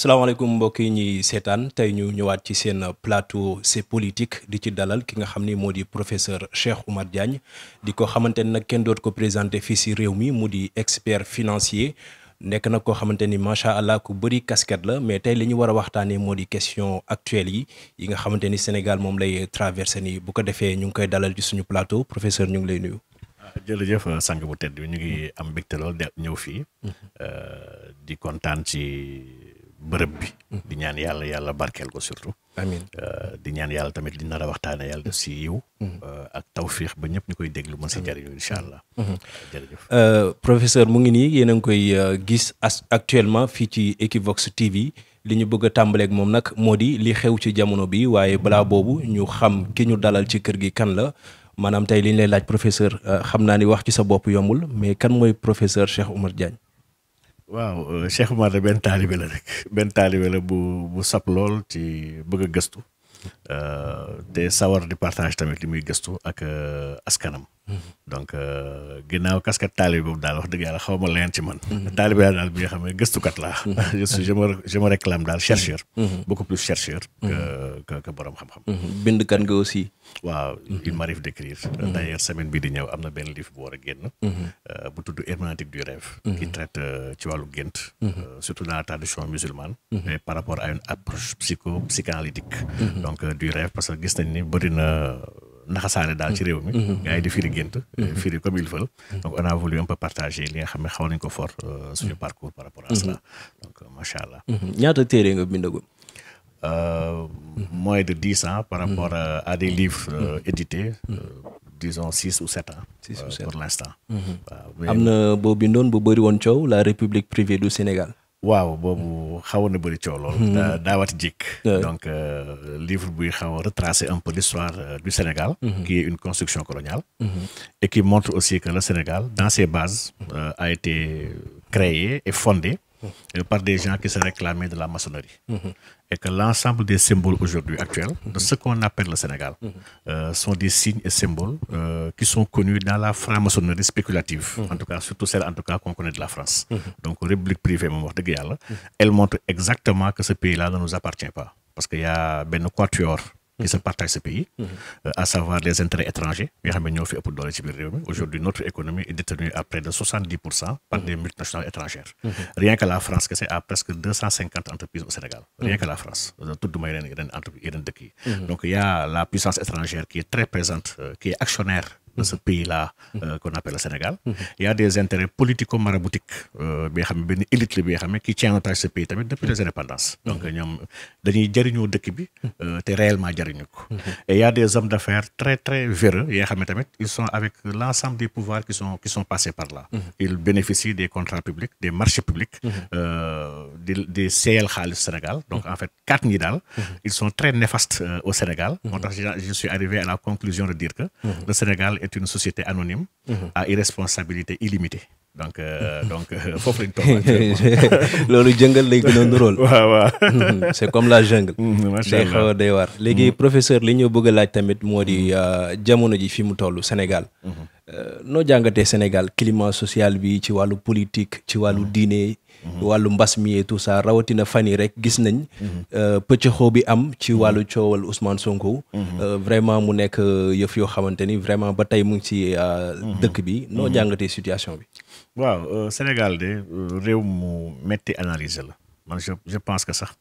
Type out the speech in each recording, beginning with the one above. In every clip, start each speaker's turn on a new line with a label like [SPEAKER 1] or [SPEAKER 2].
[SPEAKER 1] salaamaaleykum mbokk yi ñuy seetaan tey ñu ñëwaat ci seen plateau c'est politique di ci dalal ki nga xam ni moo di professeur Cheikh Oumar Diagne di ko xamante ni nag kenn doot ko présenté fii si réew mi mu di expert financier nekk nag koo xamante ni macha allah ku bëri kasket la mais tey li ñu war a waxtaanee moo di question actuelle yi yi nga xamante ni Sénégal moom lay traversé nii bu ko defee ñu ngi koy dalal ci suñu plateau professeur ñu ngi lay nuyu. Ah, jërëjëf euh, sang bu tedd bi
[SPEAKER 2] ñu ngi am mbégte lool ñëw fii mm-hmm. euh, kontaan ci. bërëb bi. di ñaan yàlla yàlla barkeel ko surtout. amiin euh, di ñaan yàlla tamit li na la waxtaanee yàlla def si yiw. Mm-hmm. Euh, ak
[SPEAKER 1] tawfiix ba ñëpp ñu koy déglu mën si jëriñu incha mm-hmm. allah. Mm-hmm. jërëjëf euh, professeur mu ngi nii yéen a ngi koy gis actuellement fii ci Equivox TV. li ñu bëgg a tàmbaleeg moom nag moo di li xew ci jamono bi waaye balaa boobu ñu xam ki ñu dalal ci kër gi kan la maanaam tey li ñu lay laaj professeur xam naa ni wax ci sa bopp yombul mais kan mooy professeur Cheikh Oumar Diagne. waaw euh, Cheikh Oumar benn taalibe la rek benn taalibe la bu bu sap lool
[SPEAKER 2] ci bëgg gëstu euh, te sawar di partage tamit li muy gëstu ak euh, askanam donc euh, ginnaaw casquette taalibe boobu daal wax dëgg yàlla xaw ma leen ci man. taalibe daal bi nga xam ne gëstukat laa. je suis je me je me réclame daal chercheur. Mm-hmm. Mm-hmm. beaucoup plus chercheur. que mm-hmm. que borom xam-xam. bindkat nga aussi. waaw il m'arrive d'écrire. d'ailleurs semaine bii di ñëw am na benn livre bu war a génn. Euh, bu tudd herméneutique du rêve. qui traite euh, ci wàllu gént. surtout dans la tradition musulmane. mais par rapport à une approche psycho psychanalytique. donc du rêve parce que gis na. naxasaale daal ci réew mi mhm. gars di firi gént mhm. firi comme il faut donc on a voulu un partager li nga xam ne xaw nañ ko fort euh, suñu mhm. parcours par rapport à cela donc euh, macha allah ñaata téere nga bindagum euh, moins de dix ans par rapport à des livres édités disons six ou sept ans. six ou sept pour l' am
[SPEAKER 1] na boo bindoon bu bëri woon coow la république privée du Sénégal. waaw boobu xawoon na bëri coow lool. Hmm. daawaati jik
[SPEAKER 2] donc euh, livre buy xaw a retracer un peu l'histoire euh, du Sénégal. Hmm. qui est une construction coloniale. Hmm. et montre aussi que le Sénégal dans ses bases. Euh, a été créé et fondé. Mm-hmm. par des gens qui se réclamaient de la maçonnerie. Mm-hmm. Et que l'ensemble des symboles aujourd'hui actuels, de ce qu'on appelle le Sénégal, mm-hmm. euh, sont des signes et symboles euh, qui sont connus dans la franc-maçonnerie spéculative, en tout cas, surtout celle en tout cas qu'on connaît de la France. Donc, République privée, elle montre exactement que ce pays-là ne nous appartient pas. Parce qu'il y a ben quatuor qui se partagent ce pays, euh, à savoir les intérêts étrangers, yoo xam ne fi ëpp doole ci biir réew mi aujourd'hui notre économie est détenue à près de par des multinationales étrangères rien que la France que c'est à presque entreprises au Sénégal rien que la France euh, tudd may yeneen yeneen entreprise yeneen dëkk yi mhm. donc il y a la puissance étrangère qui est très présente euh, qui est actionnaire de ce pays-là qu'on mhm. uh, appelle le Sénégal. Il mhm. a des intérêts politico-maraboutiques uh, bi nga xam élite la bi nga xam ne qui tient en otage ce pays tamit depuis mhm. les indépendances. donc ñoom dañuy jëriñoo dëkk bi. Uh, te réellement jëriñu ko. et il a des hommes d'affaires très très véreux yi tamit ils sont avec l'ensemble des pouvoirs qui sont passés par là. ils bénéficient des contrats publics des marchés publics. di di seeyal xaalis Sénégal. donc en fait quatre ñi daal. ils sont est une société anonyme. Mhm. à irresponsabilité illimitée. donc euh, donc euh, foofu loolu jëngal lay gën a
[SPEAKER 1] c'est comme la jungle. Mhm, day xaw day war. Mhm. léegi professeur li ñu bëgg a laaj tamit moo di euh, jamono ji fi mu toll Sénégal. noo jàngatee Sénégal climat social bi ci wàllu politique ci wàllu diine. Mm-hmm. wàllu mbas mi et tout ça rawatina fan yi rek gis nañ mm-hmm. euh, pëccëxoo bi am ci mm-hmm. wàllu coowal Ousmane Sonko euh, vraiment mu nekk euh, yëf yoo xamante ni vraiment ba tey mu ngi ci dëkk bi noo jàngatee situation bi
[SPEAKER 2] waaw Sénégal de réew mu metti analyse la man je pense que sax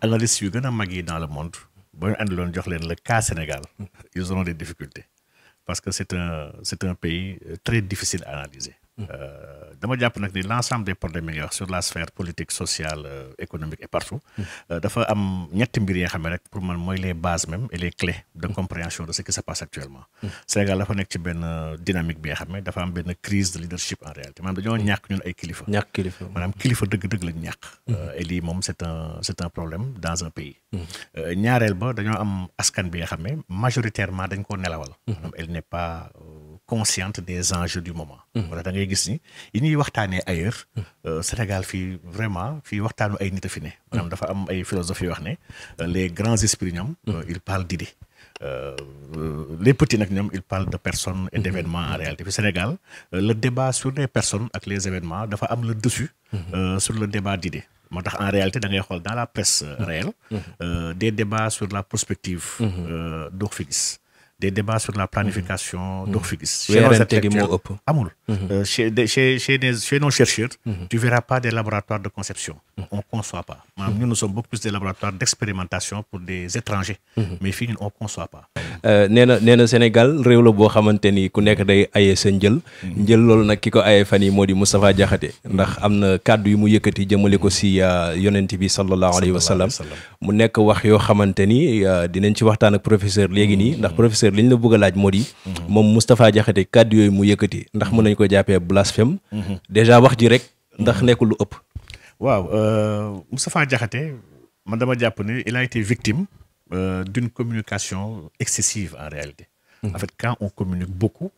[SPEAKER 2] analyse yu gën a mag yi dans le monde ba ñu àndi loon jox leen le cas Sénégal ils auront des difficultés parce que c'est un c'est un pays très difficile à analyser Euh, dama jàpp nag ni l'ensemble des problèmes yi wax sur la sphère politique sociale euh, économique et partout euh, dafa am ñetti mbir yi xam ne rek pour man mooy les bases même et les clés de compréhension de ce qui se passe actuellement Sénégal dafa nekk ci benn dynamique bi nga dafa am benn crise de leadership en réalité maanaam dañoo ñàkk ñun ay kilifa ñàkk kilifa maanaam kilifa dëgg-dëgg lañ ñàkk et moom c'est un c'est un problème dans un pays ñaareel ba dañoo am askan bi nga xam ne majoritairement dañ koo nelawal mm-hmm. maanaam consciente des enjeux du moment. wala da ngay gis ni yi ñuy waxtaanee ailleurs. Euh, Sénégal fii vraiment fii waxtaanu ay nit a fi ne. maanaam dafa am ay philosophie wax ne euh, les grands esprits ñoom. Euh, ils di d'idées. les petits nag ñoom ils parlent de personnes et d'événements en réalité fi Sénégal le débat sur les personnes ak les événements dafa am le dessus. sur le débat d'idées. moo tax en réalité da ngay xool dans la presse réelle. des débats sur la prospective. doo ko fi gis. des débats sur la planification mm-hmm. d'Orpheus. Mm-hmm. Mm-hmm. Euh, chez nos intellectuels amul. chez chez chez nos chercheurs. tu verras pas des laboratoires de conception. on ne conçoit pas. maanaam mhm. ñun nous sommes beaucoup plus des laboratoires mhm.
[SPEAKER 1] euh, na nee na Sénégal réew la boo xamante ni ku nekk day aye sa njël. Mhm. njël loolu nag ki ko aye fan yi moo di Moustapha Diakhaté. ndax am na kàddu yu mu yëkkati jëmale ko si euh, yonent bi sallallahu alayhi wa sallam. mu nekk wax yoo xamante ni euh, dinañ ci waxtaan ak professeur léegi nii. ndax professeur li ñu la bëgg laaj moo di. moom Moustapha Diakhaté kàddu yooyu mu yëkkati ndax mën nañ ko jàppee blasphème. déjà wax ji rek. ndax nekk lu ëpp.
[SPEAKER 2] waaw euh, safaa Diakhaté man dama jàpp ni il a été victime euh, d'une communication excessive en réalité. Mmh. en fait quand on communique beaucoup.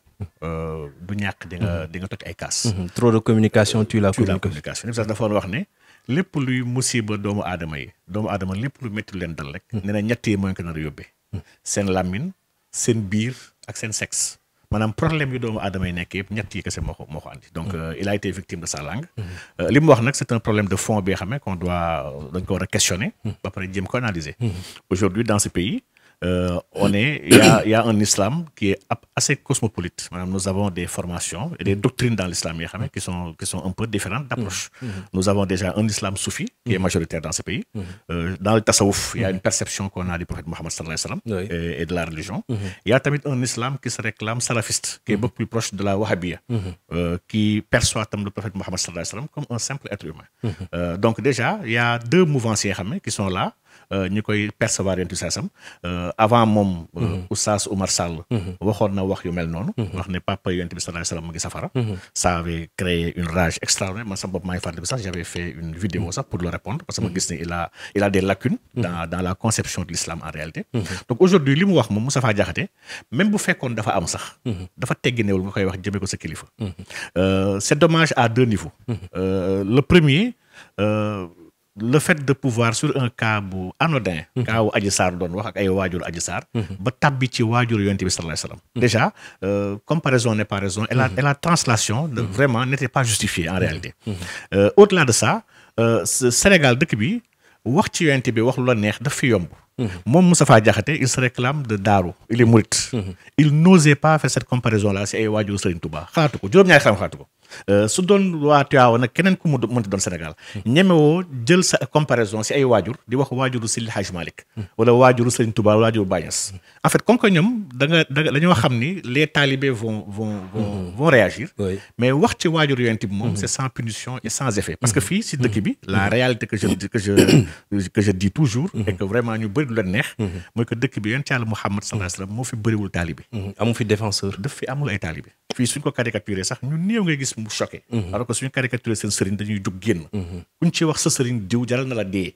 [SPEAKER 2] Euh, du ñàkk di nga mm-hmm. di ay kaas. Mm-hmm.
[SPEAKER 1] trop de communication tue la. tue la
[SPEAKER 2] communication li dafa wax ne. lépp luy musiba doomu aadama yi. doomu aadama lépp lu métti leen dal rek. Mm-hmm. nee na ñett yi mooy ko nar a yóbbee. seen làmmiñ seen biir ak seen sex maanaam problème yu doomu aadama yi nekk yëpp ñett yi kese moo ko moo ko andi donc mm-hmm. euh, il mm-hmm. euh, wax nag c'est un problème de fond bi nga xam doit euh, dañ ko war a questionner mm-hmm. ba pare jéem ko analyser aujourd'hui dans ce pays Euh, on est, il y a, il a un islam qui est assez cosmopolite. Madame, nous avons des formations et des doctrines dans l'islam qui sont, qui sont un peu différentes d'approche. Mmh, mmh. Nous avons déjà un islam soufi qui est mmh. majoritaire dans ce pays. Euh, dans le tasawuf, il a une perception qu'on a du prophète Mohammed oui. et, et, de la religion. Mm -hmm. Il a un islam qui se réclame salafiste, qui est beaucoup plus proche de la wahhabia, euh, qui perçoit le prophète Mohammed comme un euh, a Euh, ñi koy percevoir yentu saasam euh, avant moom euh, mm-hmm. oustaz Oumar Sall mm-hmm. waxoon na wax yu mel noonu mm-hmm. wax ne papa yonent bi sallallahu alayhi wasallam mu ngi safara ça avait créé une rage extraordinaire man sama bopp maa ngi fàttali bi sax j'avais fait une vidéo sax pour le répondre parce que ma gis ne il a il a des lacunes dans dans la conception de l'islam en réalité donc aujourd'hui li mu wax moom Moustapha Diakhaté même bu fekkoon dafa am sax dafa tegginewul nga koy wax jëmee ko sa kilifa c'est dommage à deux niveaux le fait de pouvoir sur un cas bu anodin mhm. cas saar doon wax ak ay waajur Adji Sarr mhm. ba tabbi ci waajur yonent bi sallallahu alayhi wa sallam mhm. déjà euh, comparaison n'est pas raison et la et la translation de vraiment n'était pas justifiée en réalité euh, au-delà de ça euh, Sénégal dëkk bi wax ci yonent bi wax lu la neex daf fi yomb moom Moustapha Diakhaté il se réclame de Daaru il est mouride il n'osait pas faire cette comparaison là si ay waajur Serigne Touba xalaatu ko juróom-ñaari xaram xalaatu ko Euh, su doon waa Tiwaawan nag keneen ku mu mënti doon Sénégal ñemewoo jël sa comparaison si ay waajur di wax waajuru Seydi Hadj Malick wala waajuru Serigne Touba waajuru Baye Niass en fait comme que ñoom da nga da dañoo xam ni les talibés vont vont vont mhm. vont réagir mais wax ci waajur yonent bi moom mhm. c'est sans punition et sans effet parce que mhm. fii si dëkk bi la réalité que je que je que je dis toujours et que vraiment ñu bëri du leen neex mooy que dëkk bi yonent Yàlla Muhammad sallallahu alayhi wa sallam moo fi bëriwul talibé amu fi défenseur fu mu choqué mhm. alors que suñu caricaturé seen sëriñ dañuy jug génn mhm. kuñ ci wax sa sëriñ diw jaral na la dee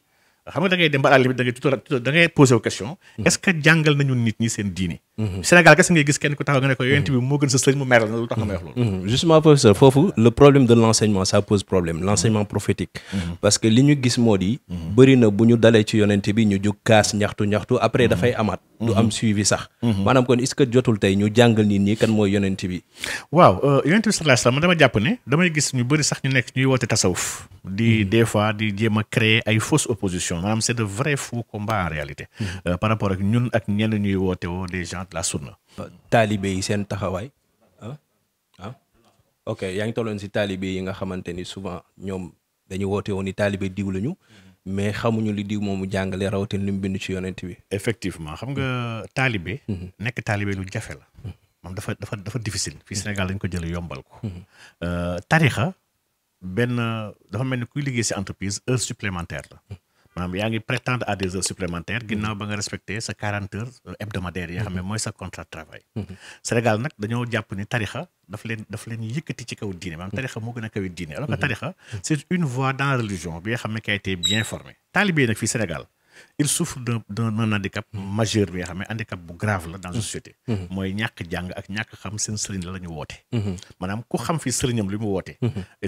[SPEAKER 2] xam nga da dem ba à la limite da ngay tuta da ngay question mhm. est que jàngal nañu nit ñi seen diine Mhm. Sénégal kese ngay gis kenn ku taxaw nga ne ko yonent bi moo gën sa sëriñ mu mer la lu tax nga may wax
[SPEAKER 1] loolu. Mhm. Mhm. justement professeur foofu le problème de l' enseignement pose problème l' prophétique. parce que li ñu gis moo di. bëri na bu ñu dalee ci yonent bi ñu jug kaas ñaxtu ñaxtu après dafay amaat. du am suivi sax. maanaam kon est jotul tey ñu jàngal nit kan
[SPEAKER 2] mooy yonent bi. waaw euh, yonent bi sallallahu alayhi wasallam dama jàpp ne damay gis ñu bëri a créer la sunna taalibe yi seen taxawaay
[SPEAKER 1] ah, ah ok yaa ngi tolloon si taalibe yi nga xamante ni souvent ñoom dañu woote woon ni taalibe diw lañu mais xamuñu lu diw moom moomu jàngale rawatin li mu bind ci yonent bi. effectivement xam nga
[SPEAKER 2] taalibe. Mhm. nekk taalibe lu jafe la. Mhm. moom dafa dafa dafa difficile. fii mhm. Sénégal dañ ko jël yombal ko. Euh, tarixa benn dafa mel ni kuy liggéey si entreprise heure supplémentaire la. maanaam yaa ngi prétendre à des heures supplémentaires ginnaaw ba nga respecté sa quarante heures euh, hebdomadaires xam mooy sa contrat de travail mm-hmm. Sénégal nag dañoo jàpp ni tarixa daf leen daf leen yëkkati ci kaw diine maanaam tarixa moo gën a kaw diine alors que mm-hmm. tarixa mm-hmm. c'est une voie dans religion bi nga xam ne qui a été bien formée taalibe nag fii Sénégal il souffre d'un d'un handicap majeur bi nga xam ne handicap bu grave la dans la mm-hmm. société mm-hmm. mooy ñàkk jàng ak ñàkk xam seen sëriñ la la woote mm-hmm. maanaam ku xam fi sëriñam li mu woote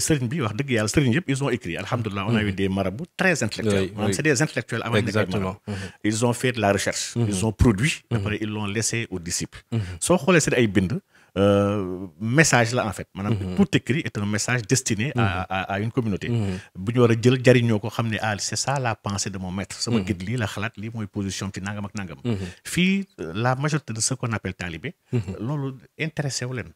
[SPEAKER 2] sëriñ bi wax dëgg yàlla sëriñ yëpp ils ont écrit alhamdulilah on a eu des marabouts très intellectuels maanaam c'est des intellectuels avant nekk ils ont fait la recherche ils ont produit après ils l'ont laissé aux disciples soo xoolee seen ay bind Euh, message la en fait. maanaam mhm. tout écrit est un message destiné. à mhm. à une communauté. Mhm. bu ñu war a jël jariñoo ko xam ne ah c' est ça la pensée de mon maître. sama guide lii la xalaat lii mooy position ci nangam ak nangam. fii la majorité de ce qu'on appelle talibé. loolu intéressé wu leen.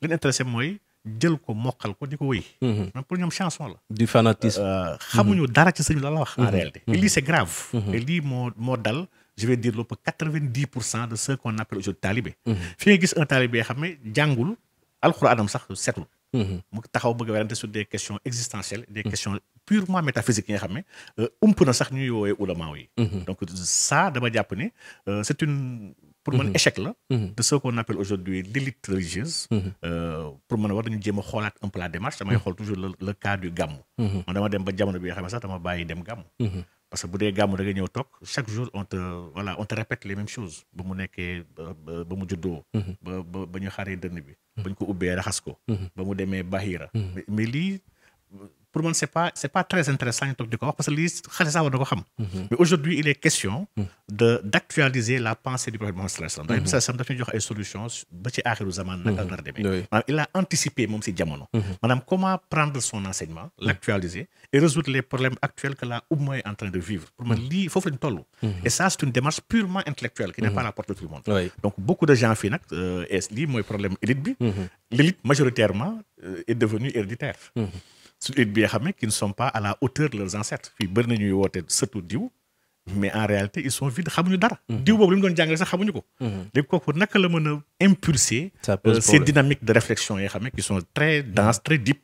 [SPEAKER 2] li ñu intéressé mooy. jël ko mokkal ko di ko wéy. man pour ñoom chanson la.
[SPEAKER 1] du fanatisme euh, xamuñu dara ci sëñ la la wax. en réalité et lii
[SPEAKER 2] c'est grave. et lii moo moo dal. je vais dire lu pour quatre vingt dix pour cent de ce qu'on appelle aujourd'hui talibé mhm. fi nga gis un talibé xam ne jàngul alxuraanam sax setul mhm. mu taxaw bëgg a werante sur des questions existentielles des mhm. questions purement métaphysiques yi ne euh, ump na sax ñuy woowee ulamaaw yi donc ça dama jàpp ne euh, c'est une pour man échec la de ce qu'on appelle aujourd'hui l'élite religieuse euh, pour man war nañu jéem a xoolaat un peu la démarche damay xool toujours le cas du gàmmu man dama dem ba jamono parce que bu dee gàmmu da nga ñëw toog chaque jour on te voilà on te répète les mêmes choses ba mu nekkee ba mu juddoo. Mhm. ba ba ba ñu xaaree dënn bi. Mhm. bañ ñu ko ubbee raxas ko. Mhm. ba mu demee Bahira. mais pour man c'est pas c'est pas très intéressant ñu toog di parce que lii xale sax ko xam mhm. mais aujourd'hui il est question mhm. de d'actualiser la pensée du prophète Mohammed sallallahu alayhi wasallam donc Ibn Sallam mhm. daf ñu jox ay solutions ba ci aaxiru zaman naka nar a demee maanaam il a anticipé moom si jamono maanaam comment prendre son enseignement l'actualiser et résoudre les problèmes actuels que la umma est en train de vivre pour man lii foofu lañ toll et ça c'est une su xam ne à la hauteur de leurs ancêtres fii bëri surtout diw mais en réalité ils sont vides xamuñu dara mhm. diw boobu li mu doon jàngale sax xamuñu ko mhm. léegi naka la mën a impulser euh, ces dynamiques de réflexion yi xam ne qui sont très mhm. denses très deep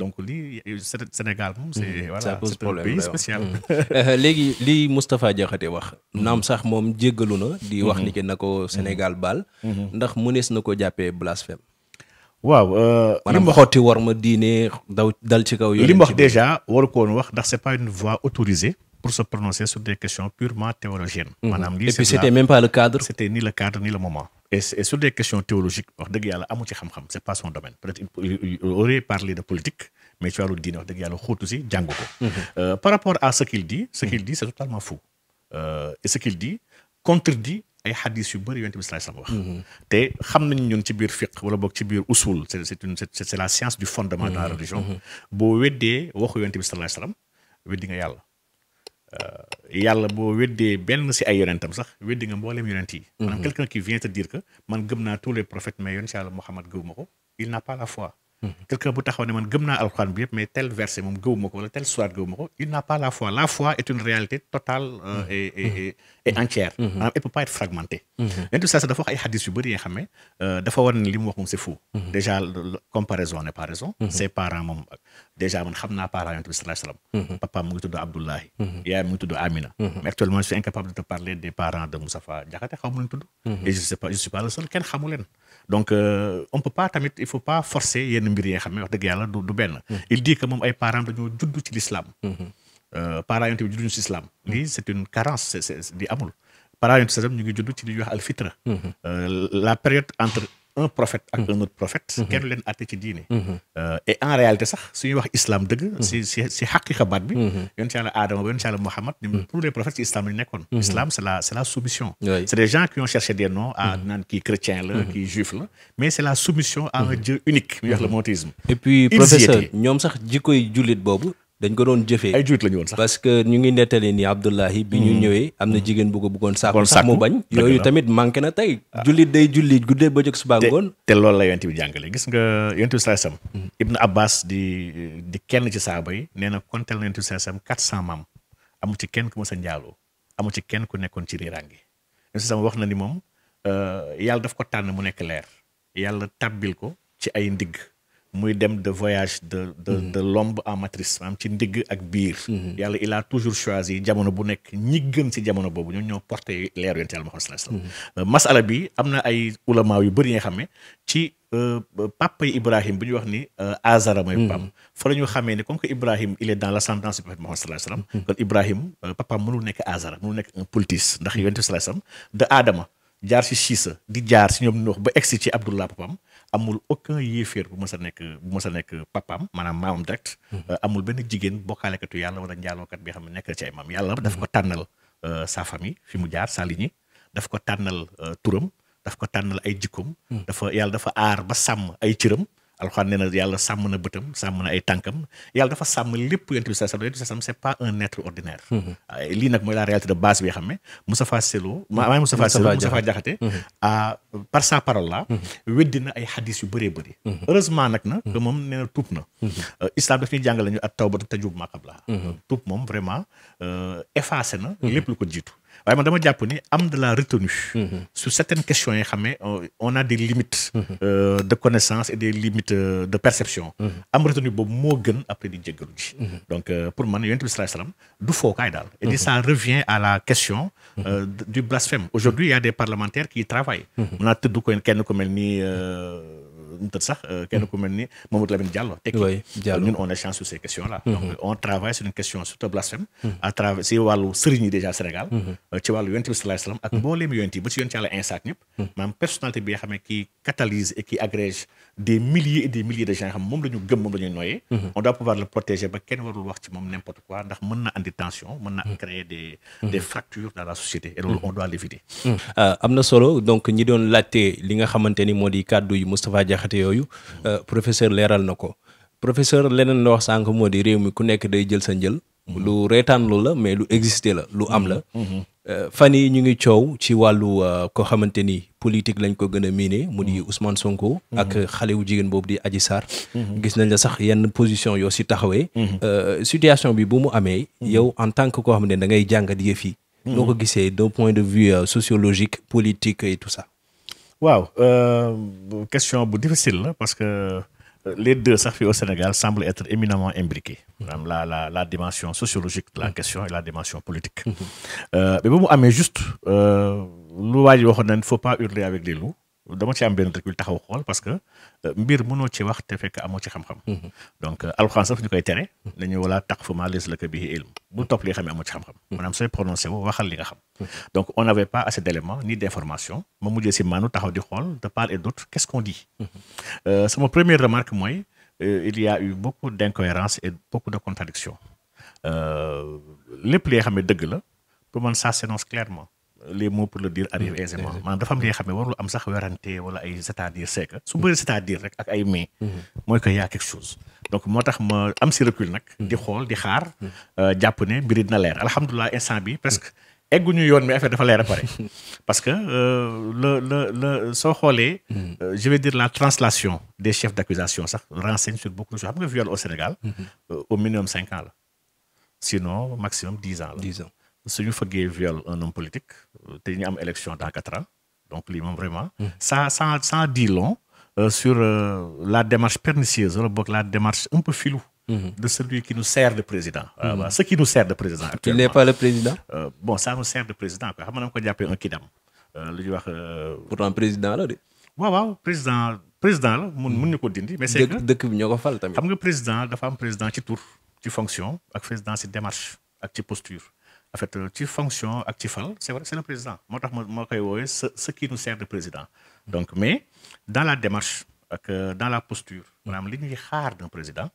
[SPEAKER 2] donc lii euh, Sénégal
[SPEAKER 1] moom c'est voilà c'est un pays spécial euh, léegi li Moustapha Diakhaté wax naam sax moom jéggalu na di wax ni ki na ko Sénégal baal ndax mënees na ko jàppee blasphème waaw euh, li mu wax xotti war ma diine daw dal ci kaw. li mu wax déjà
[SPEAKER 2] war ko wax ndax c'est pas une voie autorisée. pour se prononcer sur des questions purement théologiennes. Mhm. maanaam lii c'est et puis c'était même pas le cadre. c'était ni le cadre ni le moment. et et sur des questions théologiques wax dëgg yàlla amu ci xam-xam c'est pas son domaine peut-être il aurait parlé de politique mais ci wàllu diine wax dëgg yàlla xóotu si jàng ko. Mhm. Euh, par rapport à ce qu'il dit. ce qu'il dit c'est totalement fou. Euh, et ce qu'il dit ay xadis yu bëri yonent bi sallallahu wax mm-hmm. te xam nañu ñun ci biir fiqh wala boog ci biir usul c'est c'est une c'est la science du fondement de la mm-hmm. religion mm-hmm. boo weddee waxu yonent bi sallallahu alayhi wasallam weddi nga yàlla euh, yàlla boo weddee benn si ay yonentam sax weddi nga mbooleem yonent yi maanaam quelqu'un qui vient te dire que man gëm naa tous les prophètes mais yoon si yàlla Muhammad gëwuma ko il n'a pas la foi quelqu'un bu taxaw ne man gëm naa alxuraan bi yëpp mais tel verset moom gëwuma ko wala tel sourate gëwuma ko il n'a pas la foi la foi est une réalité totale euh, et et et entière maanaam mm-hmm. mm-hmm. ah, elle peut pas être fragmentée len mm-hmm. tu saa dafa wax ay xadis yu bëri yi nga xam ne euh, dafa war ne li mu wax moom c'est fou déjà comparaison n'est pas raison ses moom déjà man xam naa parents yonent bi sallallahu papa mu ngi tudd Abdoulahi yaay mu ngi tudd Amina mais actuellement je suis incapable de le donc euh, on peut pas tamit il faut pas forcer yenn mbir yi nga wax dëgg yàlla du benn. Mm-hmm. il dit que moom ay parents dañoo judd ci l'islam. Mm-hmm. Euh, parents yonent bi judduñu ci l'islam. lii c'est une carence di amul. parents yonent bi ñu ngi judd ci li ñuy wax mm-hmm. euh, la période entre. un prophète ak mhm. un autre prophète mhm. kenn leen àtte ci diine mhm. euh, et en réalité sax suñuy wax islam dëgg si si si xaqiqa baat bi yonent yàlla Aadama ba yonent yàlla Muhammad tous les prophètes ci islam lañu nekkoon islam c'est la c'est c'est des gens qui ont cherché des noms naan kii chrétien la kii juif la mais c'est la soumission à un Dieu unique muy wax le monothéisme et puis professeur
[SPEAKER 1] ñoom sax jikkoy jullit boobu dañ ko doon jëfee ay juut la ñu woon sax parce que ñu ngi nettali ni Abdullahi bi ñu hmm. ñëwee am na hmm. jigéen bu ko bëggoon sàkku sax mu bañ yooyu tamit manqué na tey ah. jullit day julli guddee ba jóg suba ngoon te loolu la
[SPEAKER 2] yonent bi jàngale gis nga yonent bi sallallahu alayhi wasallam hmm. di di kenn ci saaba yi nee na kontel na yonent bi sallallahu cent maam amu ci kenn ku ma sa njaaloo amu ci kenn ku nekkoon ci riiraange yonent sama wax na ni moom euh, yàlla daf ko tànn mu nekk leer yàlla tàbbil ko ci ay ndigg muy dem de voyage de de mm-hmm. lombe en matrice maanaam ci ndigg ak biir mm-hmm. yàlla il a toujours choisi jamono bu nekk ñi gën si jamono boobu ñoom ñoo porté leer yonent yàlla Muhammad sallallahu alayhi wasallam mm-hmm. euh, masala bi am na ay ulama yu bëri nga xam ne ci euh, papa yi Ibrahim bu ñu wax ni euh, Azara mooy papaam fa la ñu xamee ne comme que Ibrahim il est dans l'ascendance du prophète Muhammad sallallahu alayhi wasallam kon Ibrahim papaam mënul nekk Azara mënul nekk un politis ndax yonent sallallahu alayhi de Adama jaar si Siisa di jaar si ñoom ba egsi ci Abdullah papaam amul aucun yéeféer bu ma sa nekk bu ma sa nekk papaam maanaam maamam direct mhm. euh, amul benn jigéen bokkaalekatu yàlla war a njaalookat bi xam ne nekk ci ay maam yàlla daf ko mhm. tànnal euh, sa famille fi mu jaar sa lignée daf ko tànnal euh, turam daf ko tànnal ay jikkoom mhm. dafa yàlla dafa aar ba sàmm ay cëram alxuraan nee yàlla sàmm na bëtam sàmm na ay tànkam yàlla dafa sàmm lépp yonent bi sa sam yonent sam c'est pas un être ordinaire mm-hmm. ah, lii nag mooy la réalité de base bi nga xam ne Moustapha Sello maay Moustapha Sello Moustapha Diakhaté mm-hmm. ah, par sa parole là mm-hmm. weddi na ay xadis yu bëree bëri heureusement nag na que moom nee na tuub na euh, islam daf ñuy jàngale ñu at tawbatu tajub maqabla tuub moom vraiment euh, effacé na lépp lu ko jiitu waaye man dama jàpp ni am de la retenue mhm. sur certaines questions yi xam ne euh, on a des limites mhm. euh, de connaissance et des limites euh, de perception mhm. am retenue boobu moo gën après di jéggalu ji donc pour man yonent bi sallallahu alayhi du fookaay daal et ça revient à la question du blasphème aujourd'hui il y a des parlementaires qui travaillent mun naa tudd ko kenn ku mel ni tët sax euh, kenn ku mel ni Mamadou Lamine Diallo tekki ñun on est chance ces questions là mm-hmm. donc on travaille sur une question surtout blasphème mm-hmm. à travers si wàllu sëriñ déjà Sénégal mm-hmm. euh, ci wàllu yonent bi sallallahu alayhi wasallam ak mbooleem yonent yi ba ci yonent yàlla insaak ñëpp maanaam personnalité bi nga xam ne catalyse et qui agrège des milliers et des milliers de gens yoo xam moom la ñu gëm moom la ñu noyee mhm. on doit pouvoir le protéger ba kenn warul wax ci moom n'importe quoi ndax mën
[SPEAKER 1] na am na solo donc ñi doon laajte li nga xamante ni moo di kàddu yu Moustapha Diakhaté yooyu mhm. euh, professeur leeral na ko professeur leneen la wax sànq moo di réew mi ku nekk day jël sa njël mhm. lu reetaanlu la mais lu exister la lu am la Euh, fan yi ñu ngi coow ci wàllu euh, ko xamante ni politique lañ ko gën a miine mu di mm-hmm. Ousmane Sonko. Mm-hmm. ak xale yu jigéen boobu di Adji Sarr. Mm-hmm. gis nañ la sax yenn position yoo si taxawee. Euh, situation bi bu mu amee. yow en tant que koo xam ne da ngay jàngat yëf yi. noo ko gisee d'un point de vue sociologique politique et tout ça.
[SPEAKER 2] waaw question bu difficile la parce que. les deux sax au Sénégal semblent être éminemment imbriqués. maanaam la la la dimension sociologique de la question et la dimension politique. Mm-hmm. Euh, mais ba mu amee juste euh, lu waa ji waxoon nañ faut pas hurler avec les loups. dama ci am benn recul taxaw xool parce que euh, mbir mënoo ci wax te fekk amoo ci xam-xam. Mm-hmm. donc euh, alxuraan sax ñu koy tere. nañu wala taqfu maa laysa laka bihi ilm bu topp li nga xam ne amoo ci xam-xam. Mm-hmm. maanaam sooy prononcé waxal li nga xam. Mm-hmm. donc on n'avait pas assez d'éléments ni d'informations ma mujjee si maanu taxaw di xool de part et d'autre qu'est-ce qu'on dit. Euh, sama première remarque mooy il y a eu beaucoup d'incohérences et beaucoup de contradictions lépp li xam ne dëgg la pour man ça s'énonce clairement. les mots pour le dire arrivent mm-hmm. aisément mm-hmm. maanaam dafa am li nga xam ne warul am sax werante wala ay c'est-à-dire c'est su bëri mm-hmm. c'est-à-dire rek ak ay mais mooy que y a quelque chose donc moo tax ma am si recul nag di xool di xaar euh, jàpp ne mbiri dina leer alhamdulilah instant bi presque ñu yoon mi affaire dafa leer a pare parce que euh, le le soo xoolee euh, je vais dire la translation des chefs d'accusation sax renseigne sur beaucoup de choses xam nga viol au Sénégal au minimum cinq la sinon maximum dix ans suñu fëggee viol un homme politique euh, te ñu am élection dans quatre ans donc lii moom vraiment. ça ça ça dit long sur euh, la démarche pernicieuse wala boog la démarche un peu filou. Hmm. de celui qui nous sert de président. waaw euh, hmm. ce qui nous sert de président actuellement. tu n'es pas le président. de président quoi ko jàppee un kidam. lu ñuy wax. pourtant président la président président mun mun ñu ko dindi. mais c'est que dëkk bi ñoo ko fal tamit. xam nga président dafa am président ci tour ci fonction ak président ci démarche ak ci posture. en fait euh, ci fonction ak ci fal c'est vrai c'est le président moo tax ma moo koy woowee ce ce qui nous sert de président donc mais dans la démarche ak euh, dans la posture maanaam li ñuy xaar d'un président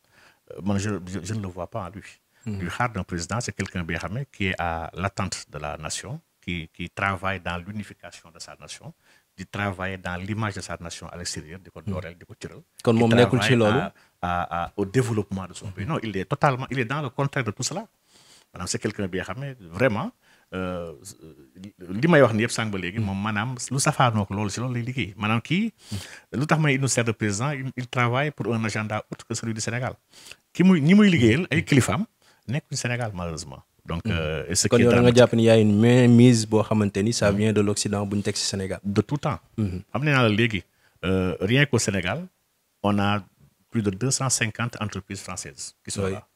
[SPEAKER 2] euh, man je je ne le vois pas en lui hmm. lu xaar d'un président c'est quelqu'un bi nga xam ne qui est à l'attente de la nation qui qui travaille dans l'unification de sa nation di travailler dans l'image de sa nation à l'extérieur di ko hmm. dooreel di ko cëral kon moom nekkul ci loolu à au développement de son hmm. pays non il est totalement il est dans le contraire de tout cela maanaam c'est quelqu'un bi nga xam ne vraiment euh, li may wax ni yëpp sànq ba léegi moom maanaam lu safaanook loolu si loolu lay liggéey maanaam ki lu tax may il nous sert de président il travaille pour un agenda autre que celui du Sénégal ki muy ñi muy liggéeyal ay kilifaam nekkuñ Sénégal malheureusement
[SPEAKER 1] donc hmm. euh, est ce qui kon nga jàpp ni y a une boo xamante ni ça hmm. vient de l'Occident bu ñu teg si Sénégal de tout temps hmm. am ne naa la léegi euh, rien qu'au Sénégal
[SPEAKER 2] on a plus de deux cent cinquante entreprises françaises qui sont là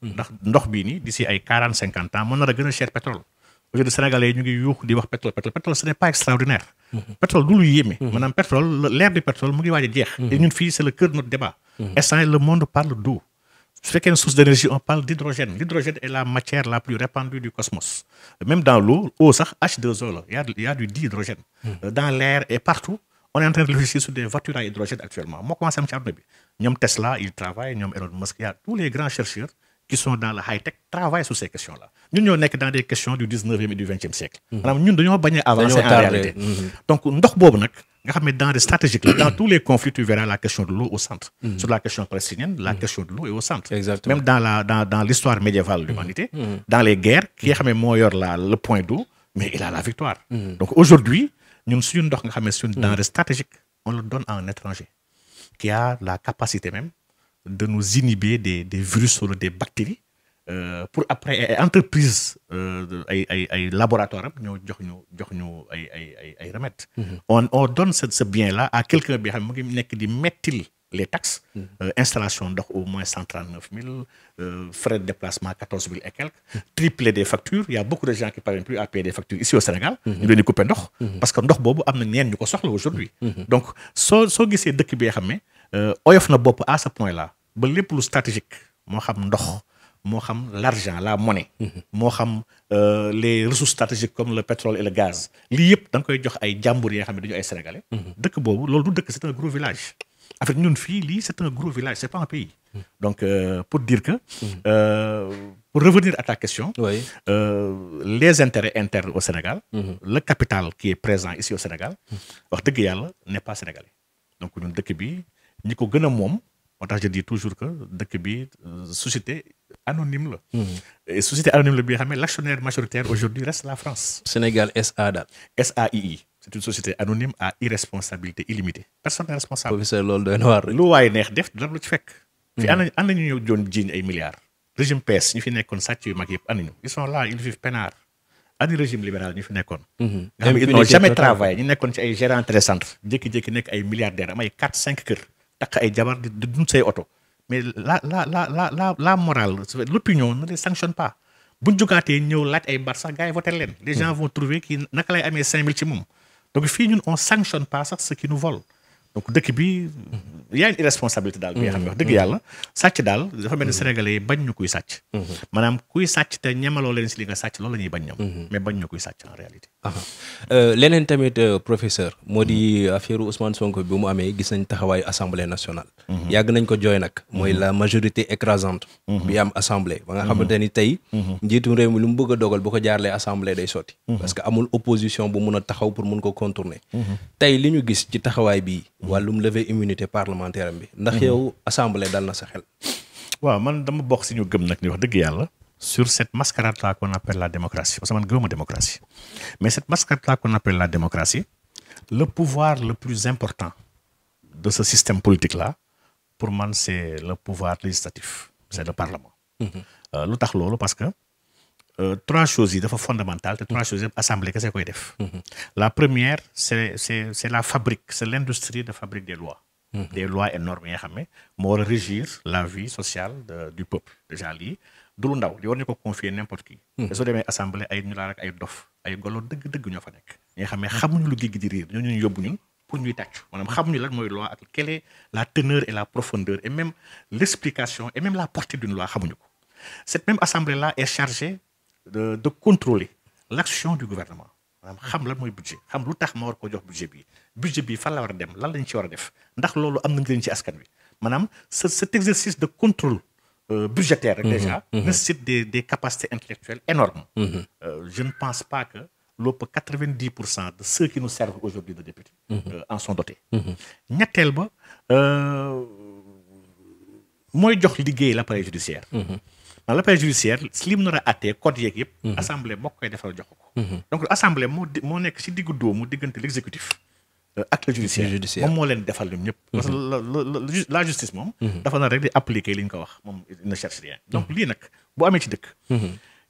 [SPEAKER 2] Mm-hmm. ndax ndox bii nii d'ici ay quarante cinquante ans mën na la gën a cher pétrole aujourd'hui sénégalais yi ñu ngi yuux di wax pétrole pétrole pétrole ce n'est pas extraordinaire mm-hmm. pétrole du lu yéeme mm-hmm. maanaam pétrole l'ère du pétrole mu ngi waaj a jeex et ñun fii c'est le cœur notre débat instant le monde parle d'eau su fekkee ne source d'énergie on parle d'hydrogène l'hydrogène est la matière la plus répandue du cosmos même dans l'eau eau sax H2O la du dihydrogène euh, dans les grands qui sont dans la high tech travaillent sur ces questions là ñun ñoo nekk dans des questions du dix neuvième et du vingtième siècle. Mhm. maanaam ñun dañoo bañ avancer en réalité mhm. donc ndox boobu nag. nga xam ne dans la dans tous les conflits tu verras la question de l'eau au centre. Mhm. sur la question palestinienne la question de l'eau est au centre. Exactement. dans l'histoire médiévale de l'humanité dans les guerres ki nga xam ne la le point d'eau mais il a de nous inhiber des, des virus wala des bactéries euh, pour après ay entreprise euh, ay ay ay laboratoire am ñoo jox ñu jox ñu ay ay ay ay remèdes mhm. on on donne ce ce bien là à quelqu'un bi xam mu ngi nekk di mettil les taxes mm -hmm. installation ndox au moins cent euh, de déplacement quatorze mille et quelques mm -hmm. triplé des a beaucoup de gens qui parviennent plus à payer des factures ici au Sénégal mhm. ñu leen di couper ndox mhm. parce que ndox boobu am na ñeen ñu ko soxla aujourd'hui donc soo soo gisee dëkk bi nga xam ne Euh, oyof na bopp à ce point là ba lépp lu stratégique moo xam ndox moo xam l'argent la monnaie. moo xam euh, les ressources stratégiques comme le pétrole et le gaz. lii yëpp danga koy jox ay jàmbur yi nga xam ne dañu ay sénégalais. dëkk boobu loolu du dëkk c'est un gros village. Afrique ñun fii lii c'est un gros village c'est pas un pays. donc euh, pour dire que. Euh, pour revenir à ta question. Oui. les intérêts internes au Sénégal. Mhm. le capital qui est présent ici au Sénégal. wax dëgg yàlla n'est ñi ko gën a moom moo tax je dis toujours que dëkk bi euh, société anonyme la. Mm-hmm. et société anonyme la bi nga xam ne l'actionnaire majoritaire aujourd'hui reste la France. Sénégal SA daal. SAII. c'est une société anonyme à irresponsabilité illimitée. personne responsable. na waar lu waaye neex def dara lu ci fekk. fi ànd nañu ànd nañu jiiñ ay milliards. régime PS ñu fi nekkoon sàcc yu mag yëpp ànd nañu ils sont là ils vivent peinard. régime libéral ñu fi nekkoon. Mm-hmm. nga xam ne ils n'ont jamais travaillé ñu nekkoon takk ay jabar di dund say oto mais la la la la morale l'opinion ne les pas buñ jugaatee ñëw laaj ay bar sax gars yi voté leen les gens hmm. trouver kii naka lay amee 5000 ci moom donc fii ñun on sanctionne pas sax ce qui nous vole donc dëkk bi y a une irresponsabilité daal bi nga xam ne wax dëgg yàlla sàcc daal dafa mel ni sénégalais yi bañ ñu kuy sàcc maanaam kuy sàcc te ñemaloo leen si li nga sàcc
[SPEAKER 1] loolu la bañ ñoom mais bañ ñu kuy sàcc en réalité ah ah. Euh, leneen tamit euh, professeur moo di affaire Ousmane Sonko bi mu amee gis nañ taxawaayu assemblée nationale mhm. yàgg nañ ko jooy nag mooy mhm. la majorité écrasante mhm. bi am assemblée ba nga xamante ni tey njiitu réew mi lu mu bëgg a dogal bu ko jaarlee assemblée day sotti parce que amul mun a taxaw pour mun ko contourner tey taxawaay bii wàllum lever immunité parlementaire am bi. ndax mhm. yow assemblée dal na sa xel. waaw man dama bokk si
[SPEAKER 2] ñu gëm nag ni wax dëgg yàlla. sur cette mascarade là qu'on appelle la démocratie parce que man gëmuma démocratie mais cette mascarade là qu'on appelle la démocratie le pouvoir le plus important de ce système politique là pour man c'est le pouvoir législatif c'est le parlement. Mhm. Euh, lu tax loolu parce que. Euh, trois choses yi dafa fondamentale te trois mm-hmm. choses yëpp assemblée kese koy def mm-hmm. la première c'est la fabrique c'est l'industrie de fabrique des lois mm-hmm. des lois et normes yi moo war a régir la vie sociale du peuple déjà lii du lu ndaw li war ñu ko confier n'importe qui te soo demee assemblée ay ñu laa rek ay dof ay golo dëgg-dëgg ñoo fa nekk ñi xam ne xamuñu lu géej gi di riir ñoo ñun yóbbu ñun pour ñuy tàccu maanaam xamuñu lan mooy loi ak quelle la teneur et la profondeur et la portée d'une loi ko de de contrôler l'action du gouvernement maanaam hmm. xam lan mooy budget xam lu tax ma war koo jox budget bi budget bi fan la war a dem lan lañ ci war a def ndax loolu am na njëriñ ci askan bi maanaam ce cet exercice de contrôle euh, budgétaire rek hmm, déjà hmm, nécessite des des capacités intellectuelles énormes euh, je ne pense pas que lopp quatre-vingt-dix pour cent de ceux qui nous servent aujourd'hui de députés euh, en sont dotés ñetteel ba mooy jox liggéey l'appareil judiciaire dans l'appel judiciaire si mu nar a code yeeg yëpp mhm. assemblée moo koy defal jox ko mhm. donc assemblée moo moo nekk si diggu dóomu diggante l'exécutif euh, ak le judiciaire moom moo leen defal ñoom ñëpp parce que mhm. la justice moom dafa na rek di appliquer li ko wax moom ne cherche rien donc lii nag boo amee ci dëkk